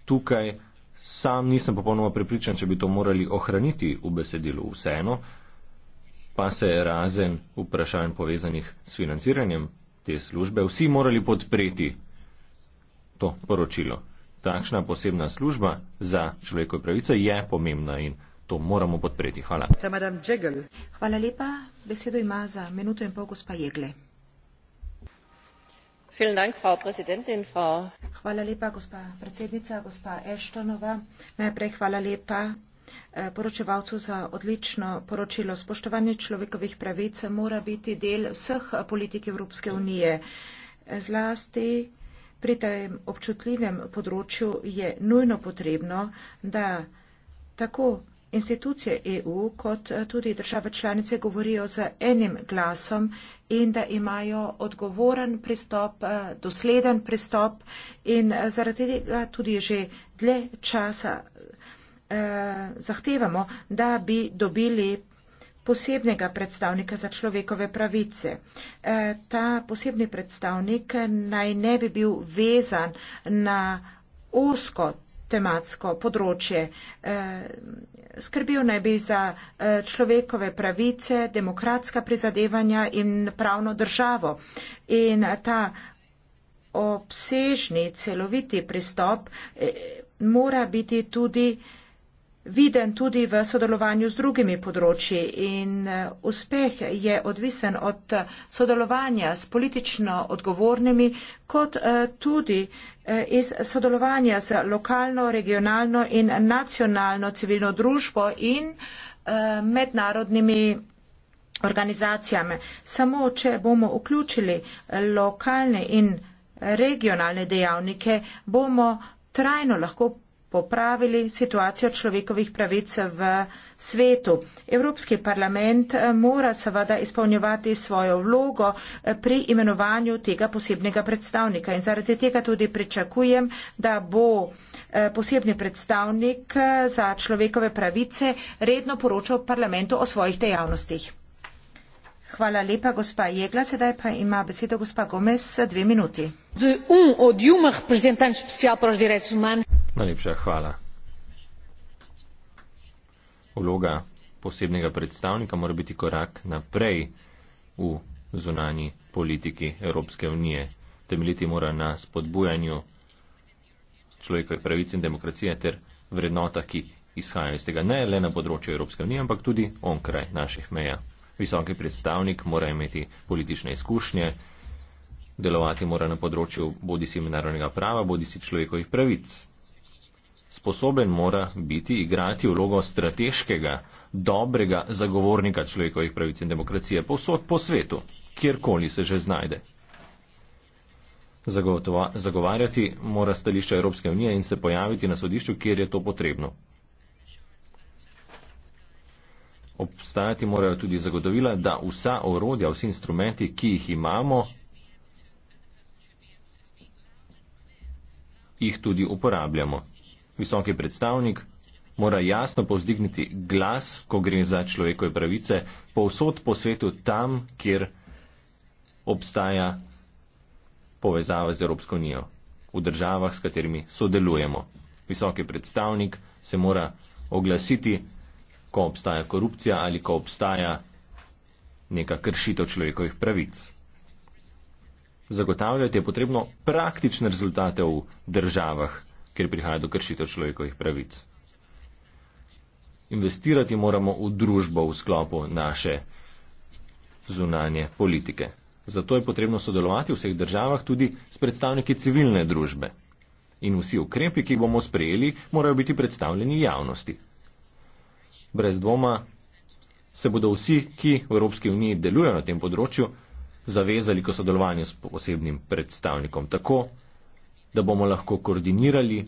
S2: tukaj sam nisem popolnoma prepričan, če bi to morali ohraniti v besedilu vseeno, pa se je razen vprašanj povezanih s financiranjem te službe vsi morali podpreti to poročilo. Takšna posebna služba za človekove pravice je pomembna in to moramo podpreti. Hvala.
S1: Hvala lepa. Besedo ima za minuto in pol gospa Jegle. Vielen Dank, Frau Präsidentin, Frau Hvala lepa, gospa predsednica, gospa Eštonova. Najprej hvala lepa eh, poročevalcu za odlično poročilo. Spoštovanje človekovih pravic mora biti del vseh politik Evropske unije. Zlasti pri tem občutljivem področju je nujno potrebno, da tako institucije EU kot eh, tudi države članice govorijo z enim glasom in da imajo odgovoren pristop, eh, dosleden pristop in eh, zaradi tega tudi že dlje časa zahtevamo, da bi dobili posebnega predstavnika za človekove pravice. Ta posebni predstavnik naj ne bi bil vezan na osko tematsko področje. Eh, skrbel naj bi za eh, človekove pravice, demokratska prizadevanja in pravno državo. In ta obsežni, celoviti pristop eh, mora biti tudi viden tudi v sodelovanju z drugimi področji in uspeh je odvisen od sodelovanja s politično odgovornimi, kot tudi Eh, iz sodelovanja z lokalno, regionalno in nacionalno civilno družbo in eh, mednarodnimi organizacijami. Samo, če bomo vključili lokalne in regionalne dejavnike, bomo trajno lahko popravili situacijo človekovih pravic v Evropi svetu. Evropski parlament eh, mora seveda izpolnjevati svojo vlogo eh, pri imenovanju tega posebnega predstavnika in zaradi tega tudi pričakujem, da bo eh, posebni predstavnik za človekove pravice redno poročal parlamentu o svojih dejavnostih. Hvala lepa, gospa Jegla. Sedaj pa ima besedo gospa Gomez za dve minuti.
S2: Najlepša hvala vloga posebnega predstavnika mora biti korak naprej v zunanji politiki Evropske unije. Temeljiti mora na spodbujanju človekove pravice in demokracije ter vrednota, ki izhajajo iz tega ne le na področju Evropske unije, ampak tudi onkraj naših meja. Visoki predstavnik mora imeti politične izkušnje, delovati mora na področju bodisi mednarodnega prava, bodisi človekovih pravic sposoben mora biti igrati vlogo strateškega, dobrega zagovornika človekovih pravic in demokracije povsod po svetu, kjerkoli se že znajde. Zagovarjati mora stališča Evropske unije in se pojaviti na sodišču, kjer je to potrebno. Obstajati morajo tudi zagotovila, da vsa orodja, vsi instrumenti, ki jih imamo, jih tudi uporabljamo visoki predstavnik mora jasno povzdigniti glas, ko gre za človekove pravice, povsod po svetu tam, kjer obstaja povezava z Evropsko unijo, v državah, s katerimi sodelujemo. Visoki predstavnik se mora oglasiti, ko obstaja korupcija ali ko obstaja neka kršitev človekovih pravic. Zagotavljati je potrebno praktične rezultate v državah, kjer prihaja do kršitev človekovih pravic. Investirati moramo v družbo v sklopu naše zunanje politike. Zato je potrebno sodelovati v vseh državah tudi s predstavniki civilne družbe. In vsi ukrepi, ki jih bomo sprejeli, morajo biti predstavljeni javnosti. Brez dvoma se bodo vsi, ki v Evropski uniji delujejo na tem področju, zavezali k sodelovanju s posebnim predstavnikom. Tako da bomo lahko koordinirali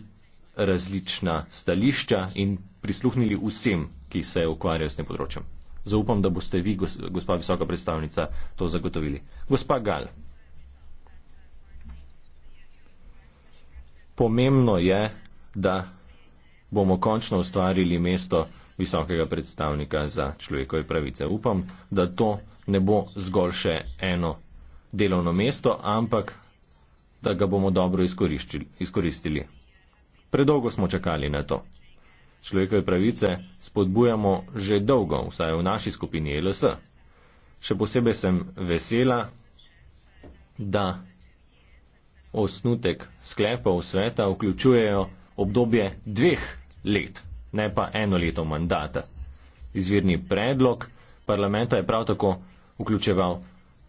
S2: različna stališča in prisluhnili vsem, ki se ukvarjajo s tem področjem. Zaupam, da boste vi, gospa visoka predstavnica, to zagotovili. Gospa Gal. Pomembno je, da bomo končno ustvarili mesto visokega predstavnika za človekove pravice. Upam, da to ne bo zgolj še eno delovno mesto, ampak da ga bomo dobro izkoristili. Predolgo smo čakali na to. Človekove pravice spodbujamo že dolgo, vsaj v naši skupini LS. Še posebej sem vesela, da osnutek sklepov sveta vključujejo obdobje dveh let, ne pa eno leto mandata. Izvirni predlog parlamenta je prav tako vključeval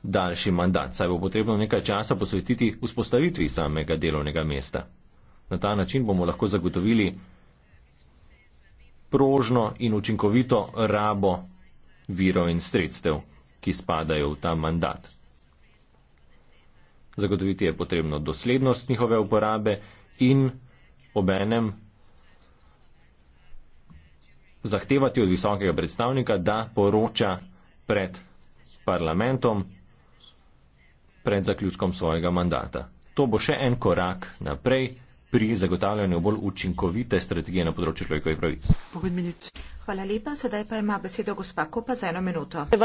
S2: daljši mandat, saj bo potrebno nekaj časa posvetiti vzpostavitvi samega delovnega mesta. Na ta način bomo lahko zagotovili prožno in učinkovito rabo virov in sredstev, ki spadajo v ta mandat. Zagotoviti je potrebno doslednost njihove uporabe in obenem zahtevati od visokega predstavnika, da poroča pred parlamentom pred zaključkom svojega mandata. To bo še en korak naprej pri zagotavljanju bolj učinkovite strategije na področju človekovih pravic.
S1: Hvala lepa. Sedaj pa ima besedo gospa Kopa za eno minuto. Eh,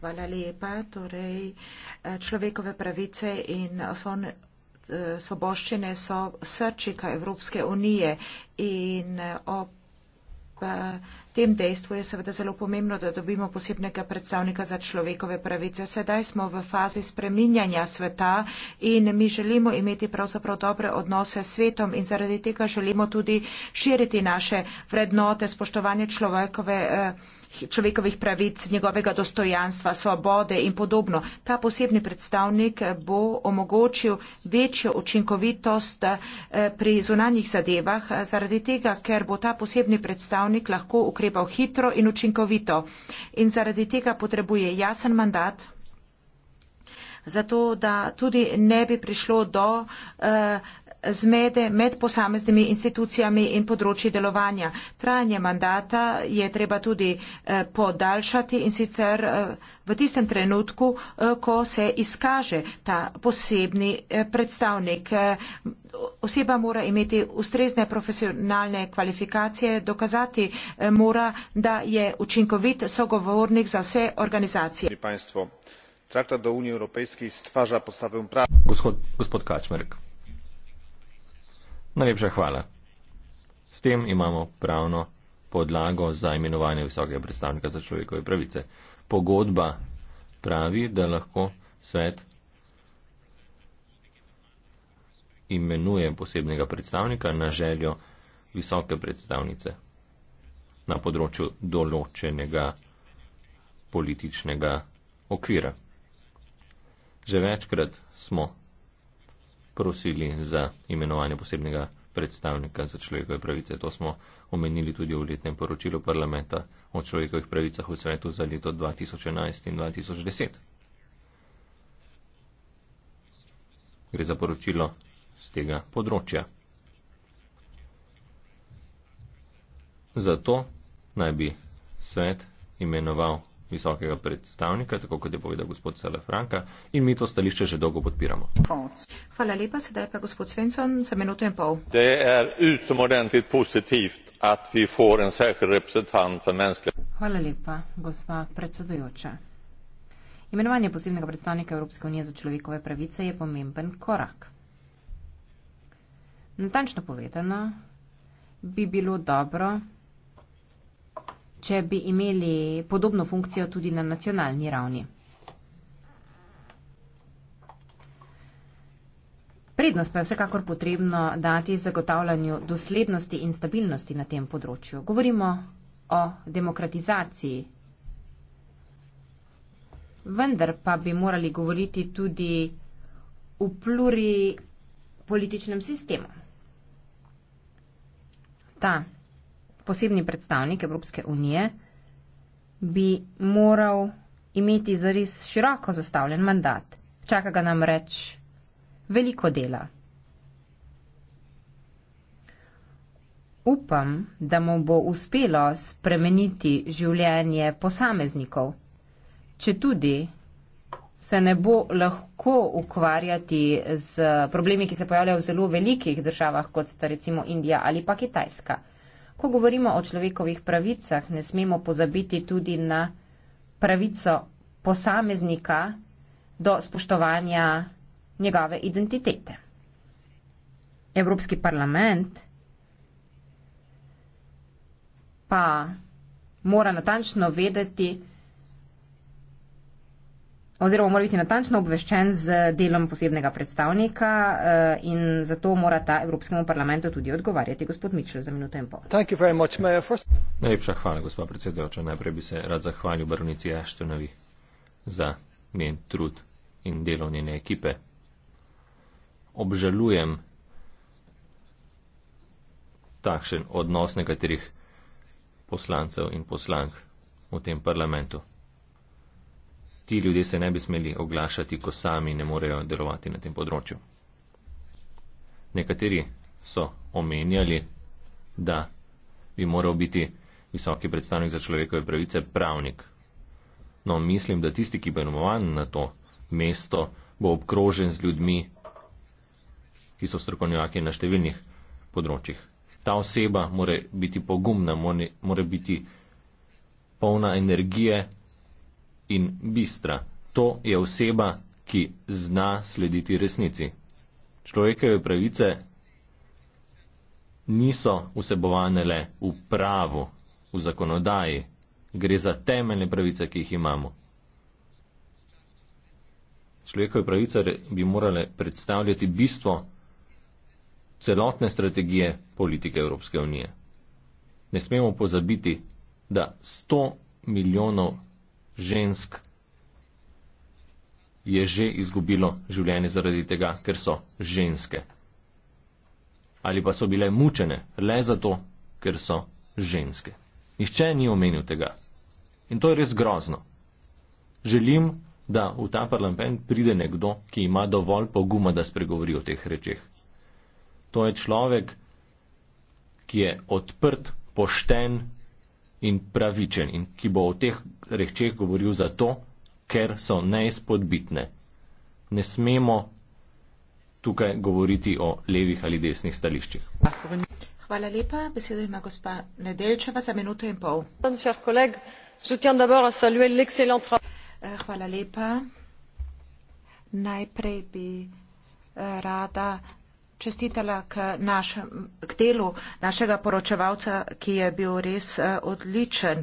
S1: hvala lepa. Torej, eh, človekove pravice in osnovne eh, svoboščine so srčika Evropske unije in ob tem dejstvu je seveda zelo pomembno, da dobimo posebnega predstavnika za človekove pravice. Sedaj smo v fazi spreminjanja sveta in mi želimo imeti pravzaprav dobre odnose s svetom in zaradi tega želimo tudi širiti naše vrednote, spoštovanje človekove pravice. Eh, človekovih pravic, njegovega dostojanstva, svobode in podobno. Ta posebni predstavnik bo omogočil večjo učinkovitost eh, pri zunanjih zadevah, eh, zaradi tega, ker bo ta posebni predstavnik lahko ukrepal hitro in učinkovito. In zaradi tega potrebuje jasen mandat. Zato, da tudi ne bi prišlo do uh, zmede med posameznimi institucijami in področji delovanja. Trajanje mandata je treba tudi eh, podaljšati in sicer eh, v tistem trenutku, eh, ko se izkaže ta posebni predstavnik. Oseba mora imeti ustrezne profesionalne kvalifikacije, dokazati mora, da je učinkovit sogovornik za vse organizacije.
S2: Gospod, gospod Kačmerk. Najlepša hvala. S tem imamo pravno podlago za imenovanje visokega predstavnika za človekove pravice. Pogodba pravi, da lahko svet imenuje posebnega predstavnika na željo visoke predstavnice na področju določenega političnega okvira. Že večkrat smo prosili za imenovanje posebnega predstavnika za človekove pravice. To smo omenili tudi v letnem poročilu parlamenta o človekovih pravicah v svetu za leto 2011 in 2010. Gre za poročilo z tega področja. Zato naj bi svet imenoval visokega predstavnika, tako kot je povedal gospod Salafranka, in mi to stališče že dolgo podpiramo.
S1: Hvala lepa, sedaj pa gospod Svensson za minuto in pol.
S2: Da je er utomordentit pozitivt, at vi for en sehr reprezentant v menske.
S1: Hvala lepa, gospa predsedujoča.
S3: Imenovanje posebnega predstavnika Evropske unije za človekove pravice je pomemben korak. Natančno povedano, bi bilo dobro, če bi imeli podobno funkcijo tudi na nacionalni ravni. Prednost pa je vsekakor potrebno dati zagotavljanju doslednosti in stabilnosti na tem področju. Govorimo o demokratizaciji. Vendar pa bi morali govoriti tudi v pluripolitičnem sistemu. Ta posebni predstavnik Evropske unije, bi moral imeti zares široko zastavljen mandat. Čaka ga nam reč veliko dela. Upam, da mu bo uspelo spremeniti življenje posameznikov, če tudi se ne bo lahko ukvarjati z problemi, ki se pojavljajo v zelo velikih državah, kot sta recimo Indija ali pa Kitajska. Ko govorimo o človekovih pravicah, ne smemo pozabiti tudi na pravico posameznika do spoštovanja njegove identitete. Evropski parlament pa mora natančno vedeti, oziroma mora biti natančno obveščen z delom posebnega predstavnika eh, in zato mora ta Evropskemu parlamentu tudi odgovarjati, gospod Mičel, za minuto in pol. Much,
S2: first... Najlepša hvala, gospod predsedujoča. Najprej bi se rad zahvalil baronici Aštonovi za njen trud in delo njene ekipe. Obžalujem takšen odnos nekaterih poslancev in poslank v tem parlamentu ti ljudje se ne bi smeli oglašati, ko sami ne morejo delovati na tem področju. Nekateri so omenjali, da bi moral biti visoki predstavnik za človekove pravice pravnik. No, mislim, da tisti, ki bo imenovan na to mesto, bo obkrožen z ljudmi, ki so strokovnjaki na številnih področjih. Ta oseba mora biti pogumna, mora biti polna energije, in bistra. To je oseba, ki zna slediti resnici. Človekove pravice niso vsebovane le v pravu, v zakonodaji, gre za temeljne pravice, ki jih imamo. Človekove pravice bi morale predstavljati bistvo celotne strategije politike Evropske unije. Ne smemo pozabiti, da 100 milijonov žensk je že izgubilo življenje zaradi tega, ker so ženske. Ali pa so bile mučene le zato, ker so ženske. Nihče ni omenil tega. In to je res grozno. Želim, da v ta parlament pride nekdo, ki ima dovolj poguma, da spregovori o teh rečeh. To je človek, ki je odprt, pošten, in pravičen in ki bo o teh rečeh govoril zato, ker so neizpodbitne. Ne smemo tukaj govoriti o levih ali desnih stališčih.
S1: Hvala lepa. Besedo ima gospa Nedelčeva za minuto in pol. Eh, hvala lepa. Najprej bi eh, rada čestitala k, našem, k delu našega poročevalca, ki je bil res eh, odličen.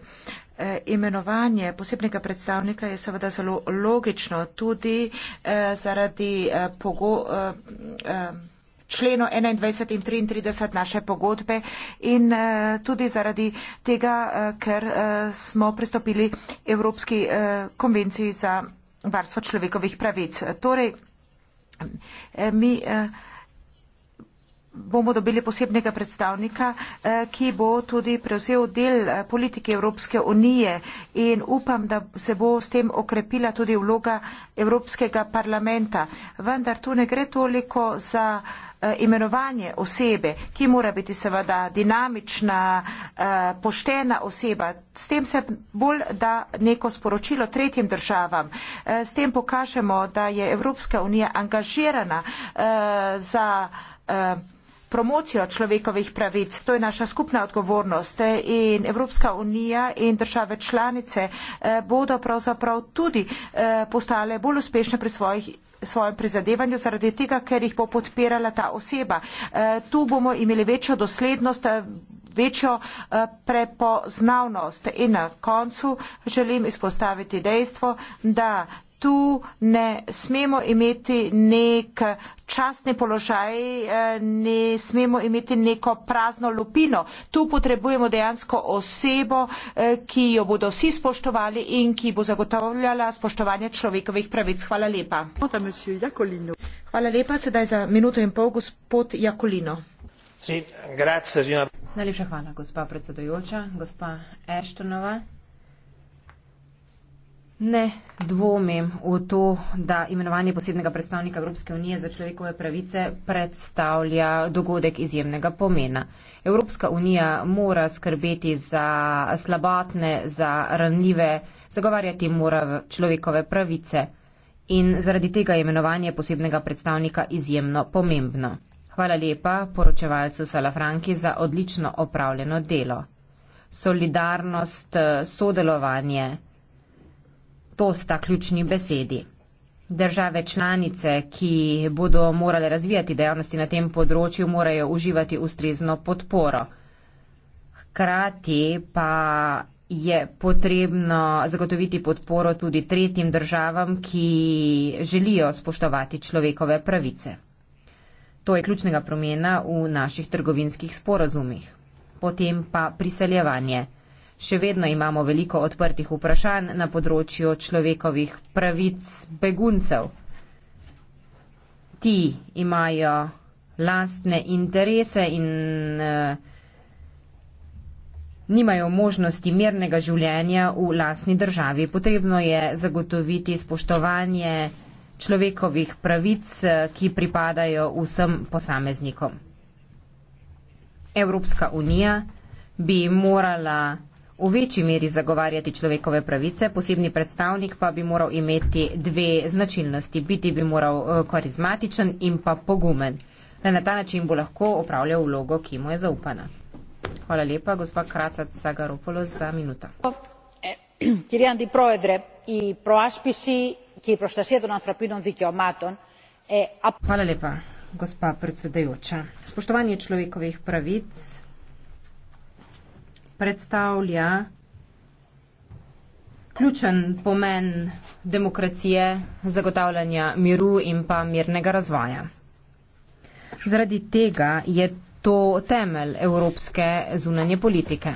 S1: Eh, imenovanje posebnega predstavnika je seveda zelo logično tudi eh, zaradi pogo členo 21 in 33 naše pogodbe in eh, tudi zaradi tega, eh, ker eh, smo pristopili Evropski eh, konvenciji za varstvo človekovih pravic. Torej, eh, mi eh, bomo dobili posebnega predstavnika, eh, ki bo tudi prevzel del eh, politike Evropske unije in upam, da se bo s tem okrepila tudi vloga Evropskega parlamenta. Vendar tu ne gre toliko za eh, imenovanje osebe, ki mora biti seveda dinamična, poštena oseba. S tem se bolj da neko sporočilo tretjim državam. S tem pokažemo, da je Evropska unija angažirana za promocijo človekovih pravic. To je naša skupna odgovornost eh, in Evropska unija in države članice eh, bodo pravzaprav tudi eh, postale bolj uspešne pri svojih svojem prizadevanju zaradi tega, ker jih bo podpirala ta oseba. Tu bomo imeli večjo doslednost, večjo prepoznavnost. In na koncu želim izpostaviti dejstvo, da tu ne smemo imeti nek častni položaj, eh, ne smemo imeti neko prazno lupino. Tu potrebujemo dejansko osebo, eh, ki jo bodo vsi spoštovali in ki bo zagotavljala spoštovanje človekovih pravic. Hvala lepa. Hvala lepa, sedaj za minuto in pol gospod Jakolino. Najlepša hvala, gospa predsedojoča, gospa Eštonova. Ne
S3: dvomim v to, da imenovanje posebnega predstavnika Evropske unije za človekove pravice predstavlja dogodek izjemnega pomena. Evropska unija mora skrbeti za slabotne, za ranljive, zagovarjati mora človekove pravice in zaradi tega je imenovanje posebnega predstavnika izjemno pomembno. Hvala lepa poročevalcu Salafranki za odlično opravljeno delo. Solidarnost, sodelovanje. To sta ključni besedi. Države članice, ki bodo morale razvijati dejavnosti na tem področju, morajo uživati ustrezno podporo. Hkrati pa je potrebno zagotoviti podporo tudi tretjim državam, ki želijo spoštovati človekove pravice. To je ključnega promena v naših trgovinskih sporazumih. Potem pa priseljevanje. Še vedno imamo veliko odprtih vprašanj na področju človekovih pravic beguncev. Ti imajo lastne interese in uh, nimajo možnosti mirnega življenja v lastni državi. Potrebno je zagotoviti spoštovanje človekovih pravic, eh, ki pripadajo vsem posameznikom. Evropska unija bi morala v večji meri zagovarjati človekove pravice, posebni predstavnik pa bi moral imeti dve značilnosti. Biti bi moral eh, karizmatičen in pa pogumen. Da na ta način bo lahko upravljal vlogo, ki mu je zaupana. Hvala lepa, gospa Kracac Sagaropolo, za minuto.
S1: Hvala lepa, gospa
S3: predsedajoča. Spoštovanje človekovih pravic predstavlja ključen pomen demokracije, zagotavljanja miru in pa mirnega razvoja. Zaradi tega je to temelj evropske zunanje politike.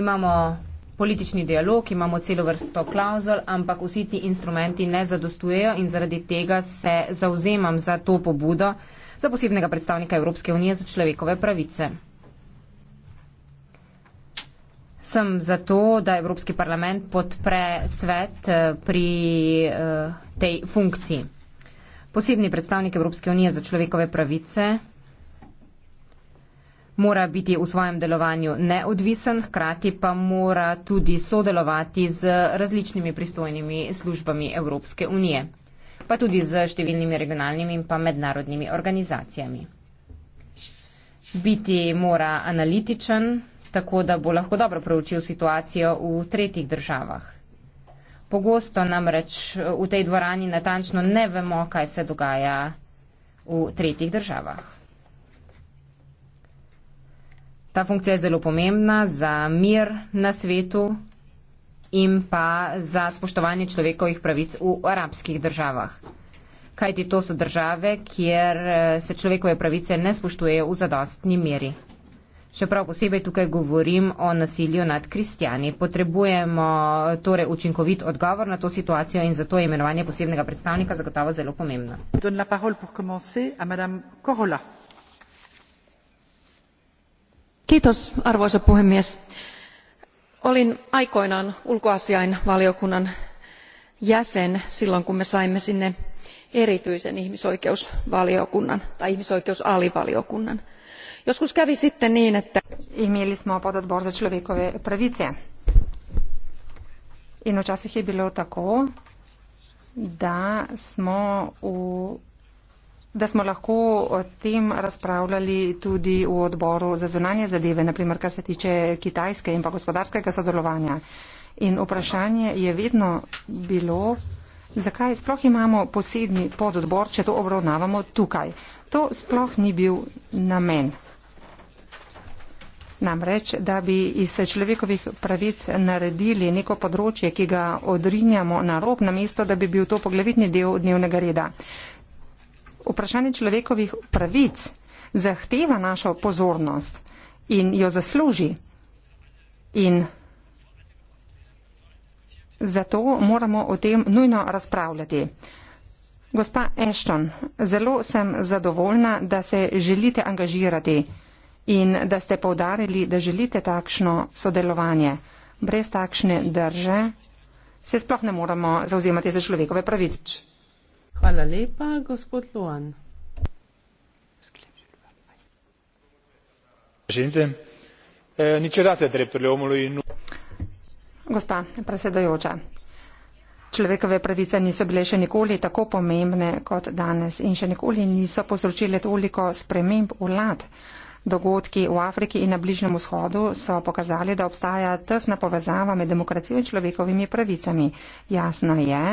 S3: Imamo politični dialog, imamo celo vrsto klauzul, ampak vsi ti instrumenti ne zadostujejo in zaradi tega se zauzemam za to pobudo, za posebnega predstavnika Evropske unije za človekove pravice. Sem zato, da Evropski parlament podpre svet eh, pri eh, tej funkciji. Posebni predstavnik Evropske unije za človekove pravice mora biti v svojem delovanju neodvisen, hkrati pa mora tudi sodelovati z različnimi pristojnimi službami Evropske unije pa tudi z številnimi regionalnimi in pa mednarodnimi organizacijami. Biti mora analitičen, tako da bo lahko dobro preučil situacijo v tretjih državah. Pogosto namreč v tej dvorani natančno ne vemo, kaj se dogaja v tretjih državah. Ta funkcija je zelo pomembna za mir na svetu, in pa za spoštovanje človekovih pravic v arabskih državah. Kajti to so države, kjer eh, se človekove pravice ne spoštujejo v zadostni meri. Še prav posebej tukaj govorim o nasilju nad kristjani. Potrebujemo torej učinkovit odgovor na to situacijo in zato je imenovanje posebnega predstavnika zagotovo zelo
S4: pomembno. Kitos, arvoisa puhemies olin aikoinaan ulkoasiainvaliokunnan jäsen silloin kun me saimme sinne erityisen ihmisoikeusvaliokunnan tai ihmisoikeusalivaliokunnan. joskus kävi sitten niin että da smo lahko o tem razpravljali tudi v odboru za zunanje zadeve, naprimer, kar se tiče kitajske in pa gospodarskega sodelovanja. In vprašanje je vedno bilo, zakaj sploh imamo posebni pododbor, če to obravnavamo tukaj. To sploh ni bil namen. Namreč, da bi iz človekovih pravic naredili neko področje, ki ga odrinjamo na rob, namesto da bi bil to poglavitni del dnevnega reda vprašanje človekovih pravic zahteva našo pozornost in jo zasluži. In zato moramo o tem nujno razpravljati. Gospa Ashton, zelo sem zadovoljna, da se želite angažirati in da ste povdarili, da želite takšno sodelovanje. Brez takšne drže se sploh ne moramo zauzemati za človekove pravice. Hvala lepa, gospod Luan.
S2: Eh,
S4: Gospa predsedojoča, človekove pravice niso bile še nikoli tako pomembne kot danes in še nikoli niso povzročile toliko sprememb vlad. Dogodki v Afriki in na Bližnjem vzhodu so pokazali, da obstaja tesna povezava med demokracijo in človekovimi pravicami. Jasno je,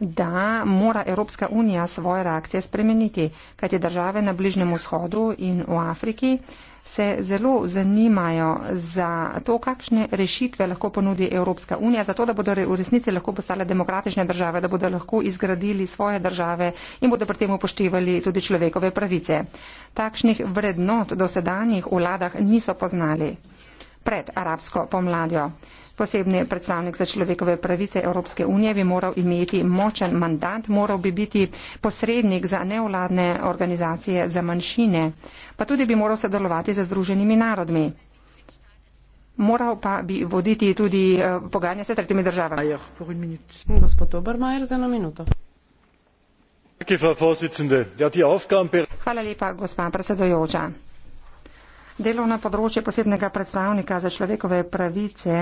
S4: da mora Evropska unija svoje reakcije spremeniti, kajti države na Bližnjem vzhodu in v Afriki se zelo zanimajo za to, kakšne rešitve lahko ponudi Evropska unija, zato da bodo v resnici lahko postale demokratične države, da bodo lahko izgradili svoje države in bodo pri tem upoštevali tudi človekove pravice. Takšnih vrednot do sedanjih vladah niso poznali pred arabsko pomladjo. Posebni predstavnik za človekove pravice Evropske unije bi moral imeti močen mandat, moral bi biti posrednik za nevladne organizacije za manjšine, pa tudi bi moral sodelovati za združenimi narodmi. Moral pa bi voditi tudi eh, pogajanja s tretjimi državami. Gospod Obermajer, za eno minuto.
S1: Ja,
S4: Hvala lepa, gospa predsedojoča. Delovno področje posebnega predstavnika za človekove pravice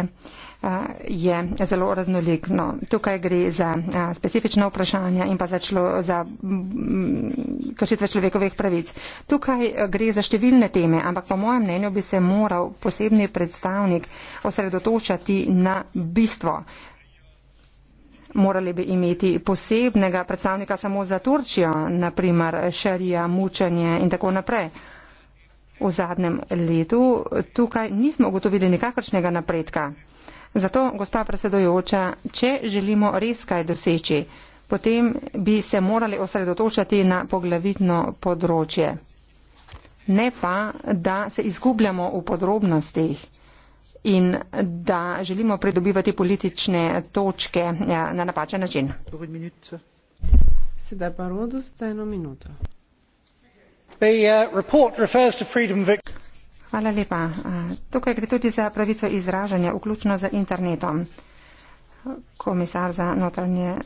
S4: je zelo raznolikno. Tukaj gre za specifična vprašanja in pa za, člo, za kršitve človekovih pravic. Tukaj gre za številne teme, ampak po mojem mnenju bi se moral posebni predstavnik osredotočati na bistvo. Morali bi imeti posebnega predstavnika samo za Turčijo, naprimer šarija, mučenje in tako naprej. V zadnjem letu tukaj nismo ugotovili nikakršnega napredka. Zato, gospa predsedojoča, če želimo res kaj doseči, potem bi se morali osredotočati na poglavitno področje. Ne pa, da se izgubljamo v podrobnostih in da želimo pridobivati politične točke ja, na napačen način.
S5: Sedaj pa rodu sta eno minuto.
S4: The, uh, Hvala lepa. Tukaj gre tudi za pravico izražanja, vključno z internetom. Komisar za notranje e,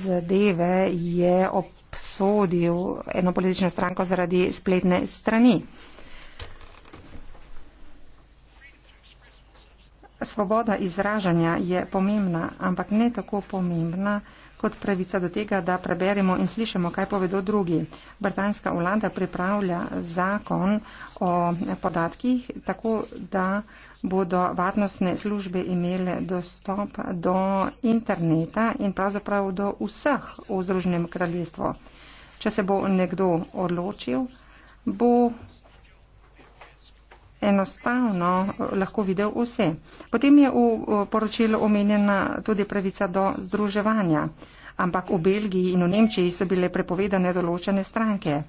S4: zadeve je obsodil eno politično stranko zaradi spletne strani. Svoboda izražanja je pomembna, ampak ne tako pomembna, kot pravica do tega, da preberemo in slišimo, kaj povedo drugi. Britanska vlada pripravlja zakon o podatkih tako, da bodo varnostne službe imele dostop do interneta in pravzaprav do vseh v Združenem kraljestvu. Če se bo nekdo odločil, bo enostavno lahko videl vse. Potem je v poročilu omenjena tudi pravica do združevanja, ampak v Belgiji in v Nemčiji so bile prepovedane določene stranke.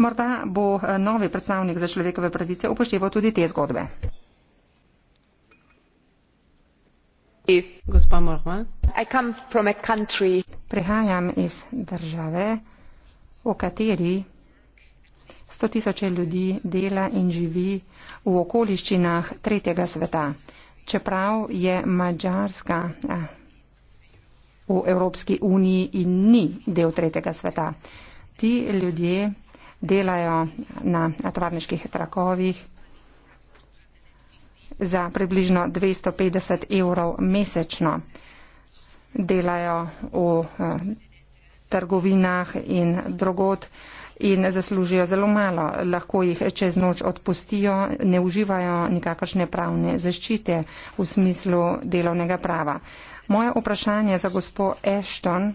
S4: Morda bo eh, novi predstavnik za človekove pravice upošteval tudi te zgodbe.
S5: Gospa Morma.
S4: Prihajam iz države v kateri sto tisoče ljudi dela in živi v okoliščinah tretjega sveta. Čeprav je Mačarska v Evropski uniji in ni del tretjega sveta. Ti ljudje delajo na tovarniških trakovih za približno 250 evrov mesečno. Delajo v trgovinah in drugot in zaslužijo zelo malo. Lahko jih čez noč odpustijo, ne uživajo nikakršne pravne zaščite v smislu delovnega prava. Moje vprašanje za gospo Ashton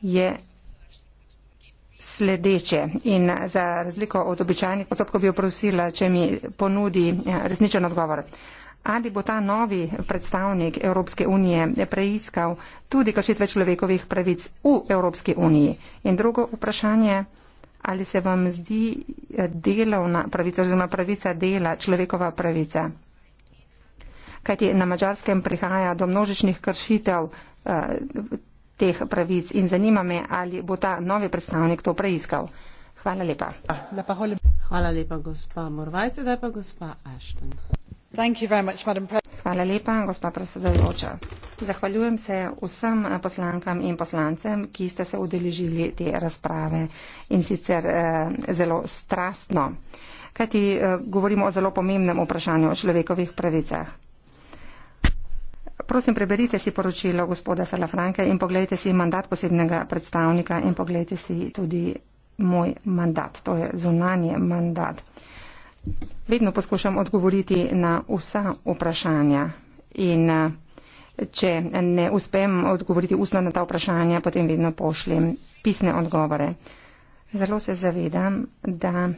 S4: je sledeče in za razliko od običajnih postopkov bi jo prosila, če mi ponudi resničen odgovor ali bo ta novi predstavnik Evropske unije preiskal tudi kršitve človekovih pravic v Evropski uniji. In drugo vprašanje, ali se vam zdi eh, delovna pravica oziroma pravica dela človekova pravica? Kajti na mačarskem prihaja do množičnih kršitev eh, teh pravic in zanima me, ali bo ta novi predstavnik to preiskal. Hvala lepa.
S5: Hvala lepa, gospa Morvaj, sedaj pa gospa Ashton.
S4: Zahvaljujem se vsem poslankam in poslancem, ki ste se udeležili te razprave in sicer eh, zelo strastno, kajti eh, govorimo o zelo pomembnem vprašanju o človekovih pravicah. Prosim, preberite si poročilo gospoda Salafranke in pogledajte si mandat posebnega predstavnika in pogledajte si tudi moj mandat, to je zunanje mandat. Vedno poskušam odgovoriti na vsa vprašanja in eh, če ne uspem odgovoriti ustno na ta vprašanja, potem vedno pošljem pisne odgovore. Zelo se zavedam, da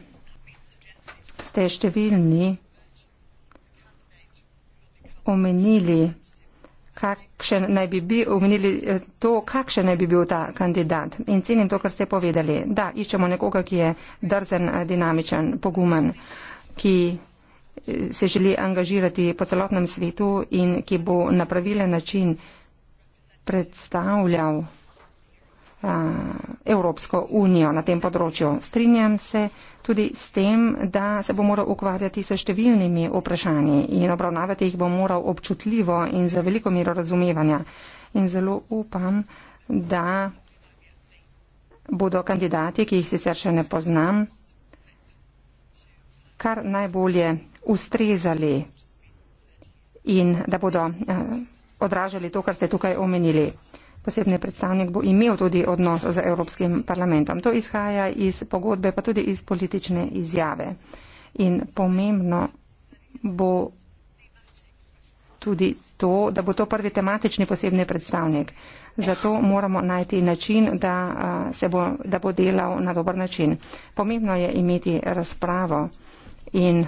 S4: ste številni omenili, kakšen naj bi bil, omenili eh, to, kakšen naj bi bil ta kandidat. In cenim to, kar ste povedali. Da, iščemo nekoga, ki je drzen, eh, dinamičen, pogumen ki eh, se želi angažirati po celotnem svetu in ki bo na pravilen način predstavljal a, eh, Evropsko unijo na tem področju. Strinjam se tudi s tem, da se bo moral ukvarjati s številnimi vprašanji in obravnavati jih bo moral občutljivo in za veliko mero razumevanja. In zelo upam, da bodo kandidati, ki jih sicer še ne poznam, kar najbolje ustrezali in da bodo eh, odražali to, kar ste tukaj omenili. Posebni predstavnik bo imel tudi odnos z Evropskim parlamentom. To izhaja iz pogodbe, pa tudi iz politične izjave. In pomembno bo tudi to, da bo to prvi tematični posebni predstavnik. Zato moramo najti način, da, eh, se bo, da bo delal na dober način. Pomembno je imeti razpravo in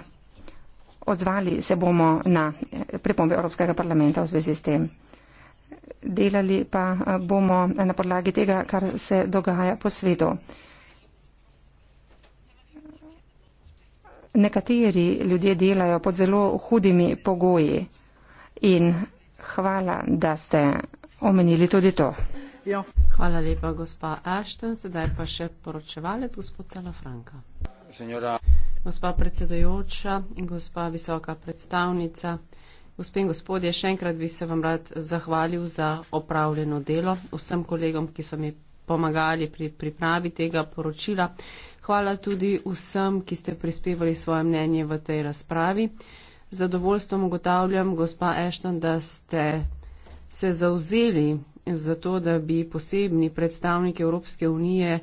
S4: odzvali se bomo na eh, pripombe Evropskega parlamenta v zvezi s tem. Delali pa eh, bomo na podlagi tega, kar se dogaja po svetu. Nekateri ljudje delajo pod zelo hudimi pogoji in hvala, da ste omenili tudi to.
S5: Hvala lepa, gospa Ashton. Sedaj pa še poročevalec, gospod Celafranka. Senjora gospa predsedujoča in gospa visoka predstavnica. Gospe in gospodje, še enkrat bi se vam rad zahvalil za opravljeno delo, vsem kolegom, ki so mi pomagali pri pripravi tega poročila. Hvala tudi vsem, ki ste prispevali svoje mnenje v tej razpravi. Zadovoljstvom ugotavljam, gospa Ešton, da ste se zauzeli za to, da bi posebni predstavniki Evropske unije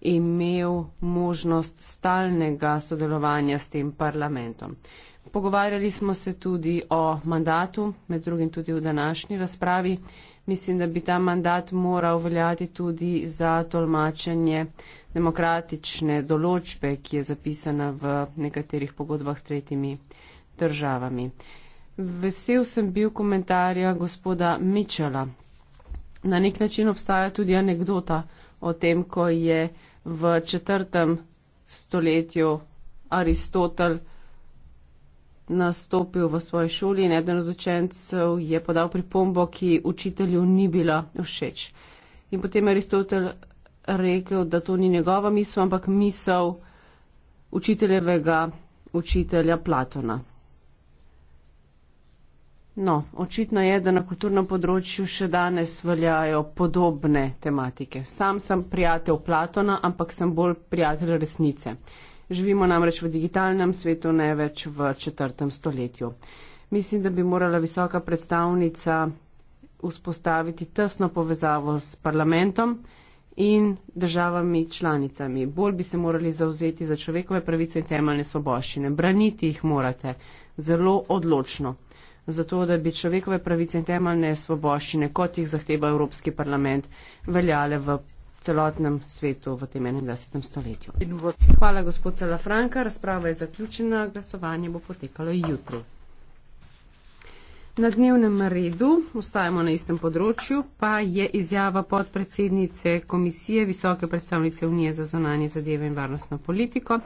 S5: imel možnost stalnega sodelovanja s tem parlamentom. Pogovarjali smo se tudi o mandatu, med drugim tudi v današnji razpravi. Mislim, da bi ta mandat moral veljati tudi za tolmačenje demokratične določbe, ki je zapisana v nekaterih pogodbah s tretjimi državami. Vesel sem bil komentarja gospoda Mičela. Na nek način obstaja tudi anekdota, o tem, ko je v četrtem stoletju Aristotel nastopil v svoji šoli in eden od učencev je podal pripombo, ki učitelju ni bila všeč. In potem Aristotel rekel, da to ni njegova misel, ampak misel učiteljevega učitelja Platona. No, očitno je, da na kulturnem področju še danes veljajo podobne tematike. Sam sem prijatelj Platona, ampak sem bolj prijatelj resnice. Živimo namreč v digitalnem svetu, ne več v četrtem stoletju. Mislim, da bi morala visoka predstavnica vzpostaviti tesno povezavo s parlamentom in državami članicami. Bolj bi se morali zauzeti za človekove pravice in temeljne svoboščine. Braniti jih morate zelo odločno zato, da bi človekove pravice in temeljne svoboščine, kot jih zahteva Evropski parlament, veljale v celotnem svetu v tem 21. stoletju. Hvala, gospod Salafranka. Razprava je zaključena, glasovanje bo potekalo jutri. Na dnevnem redu, ostajamo na istem področju, pa je izjava podpredsednice Komisije Visoke predstavnice Unije za zonanje zadeve in varnostno politiko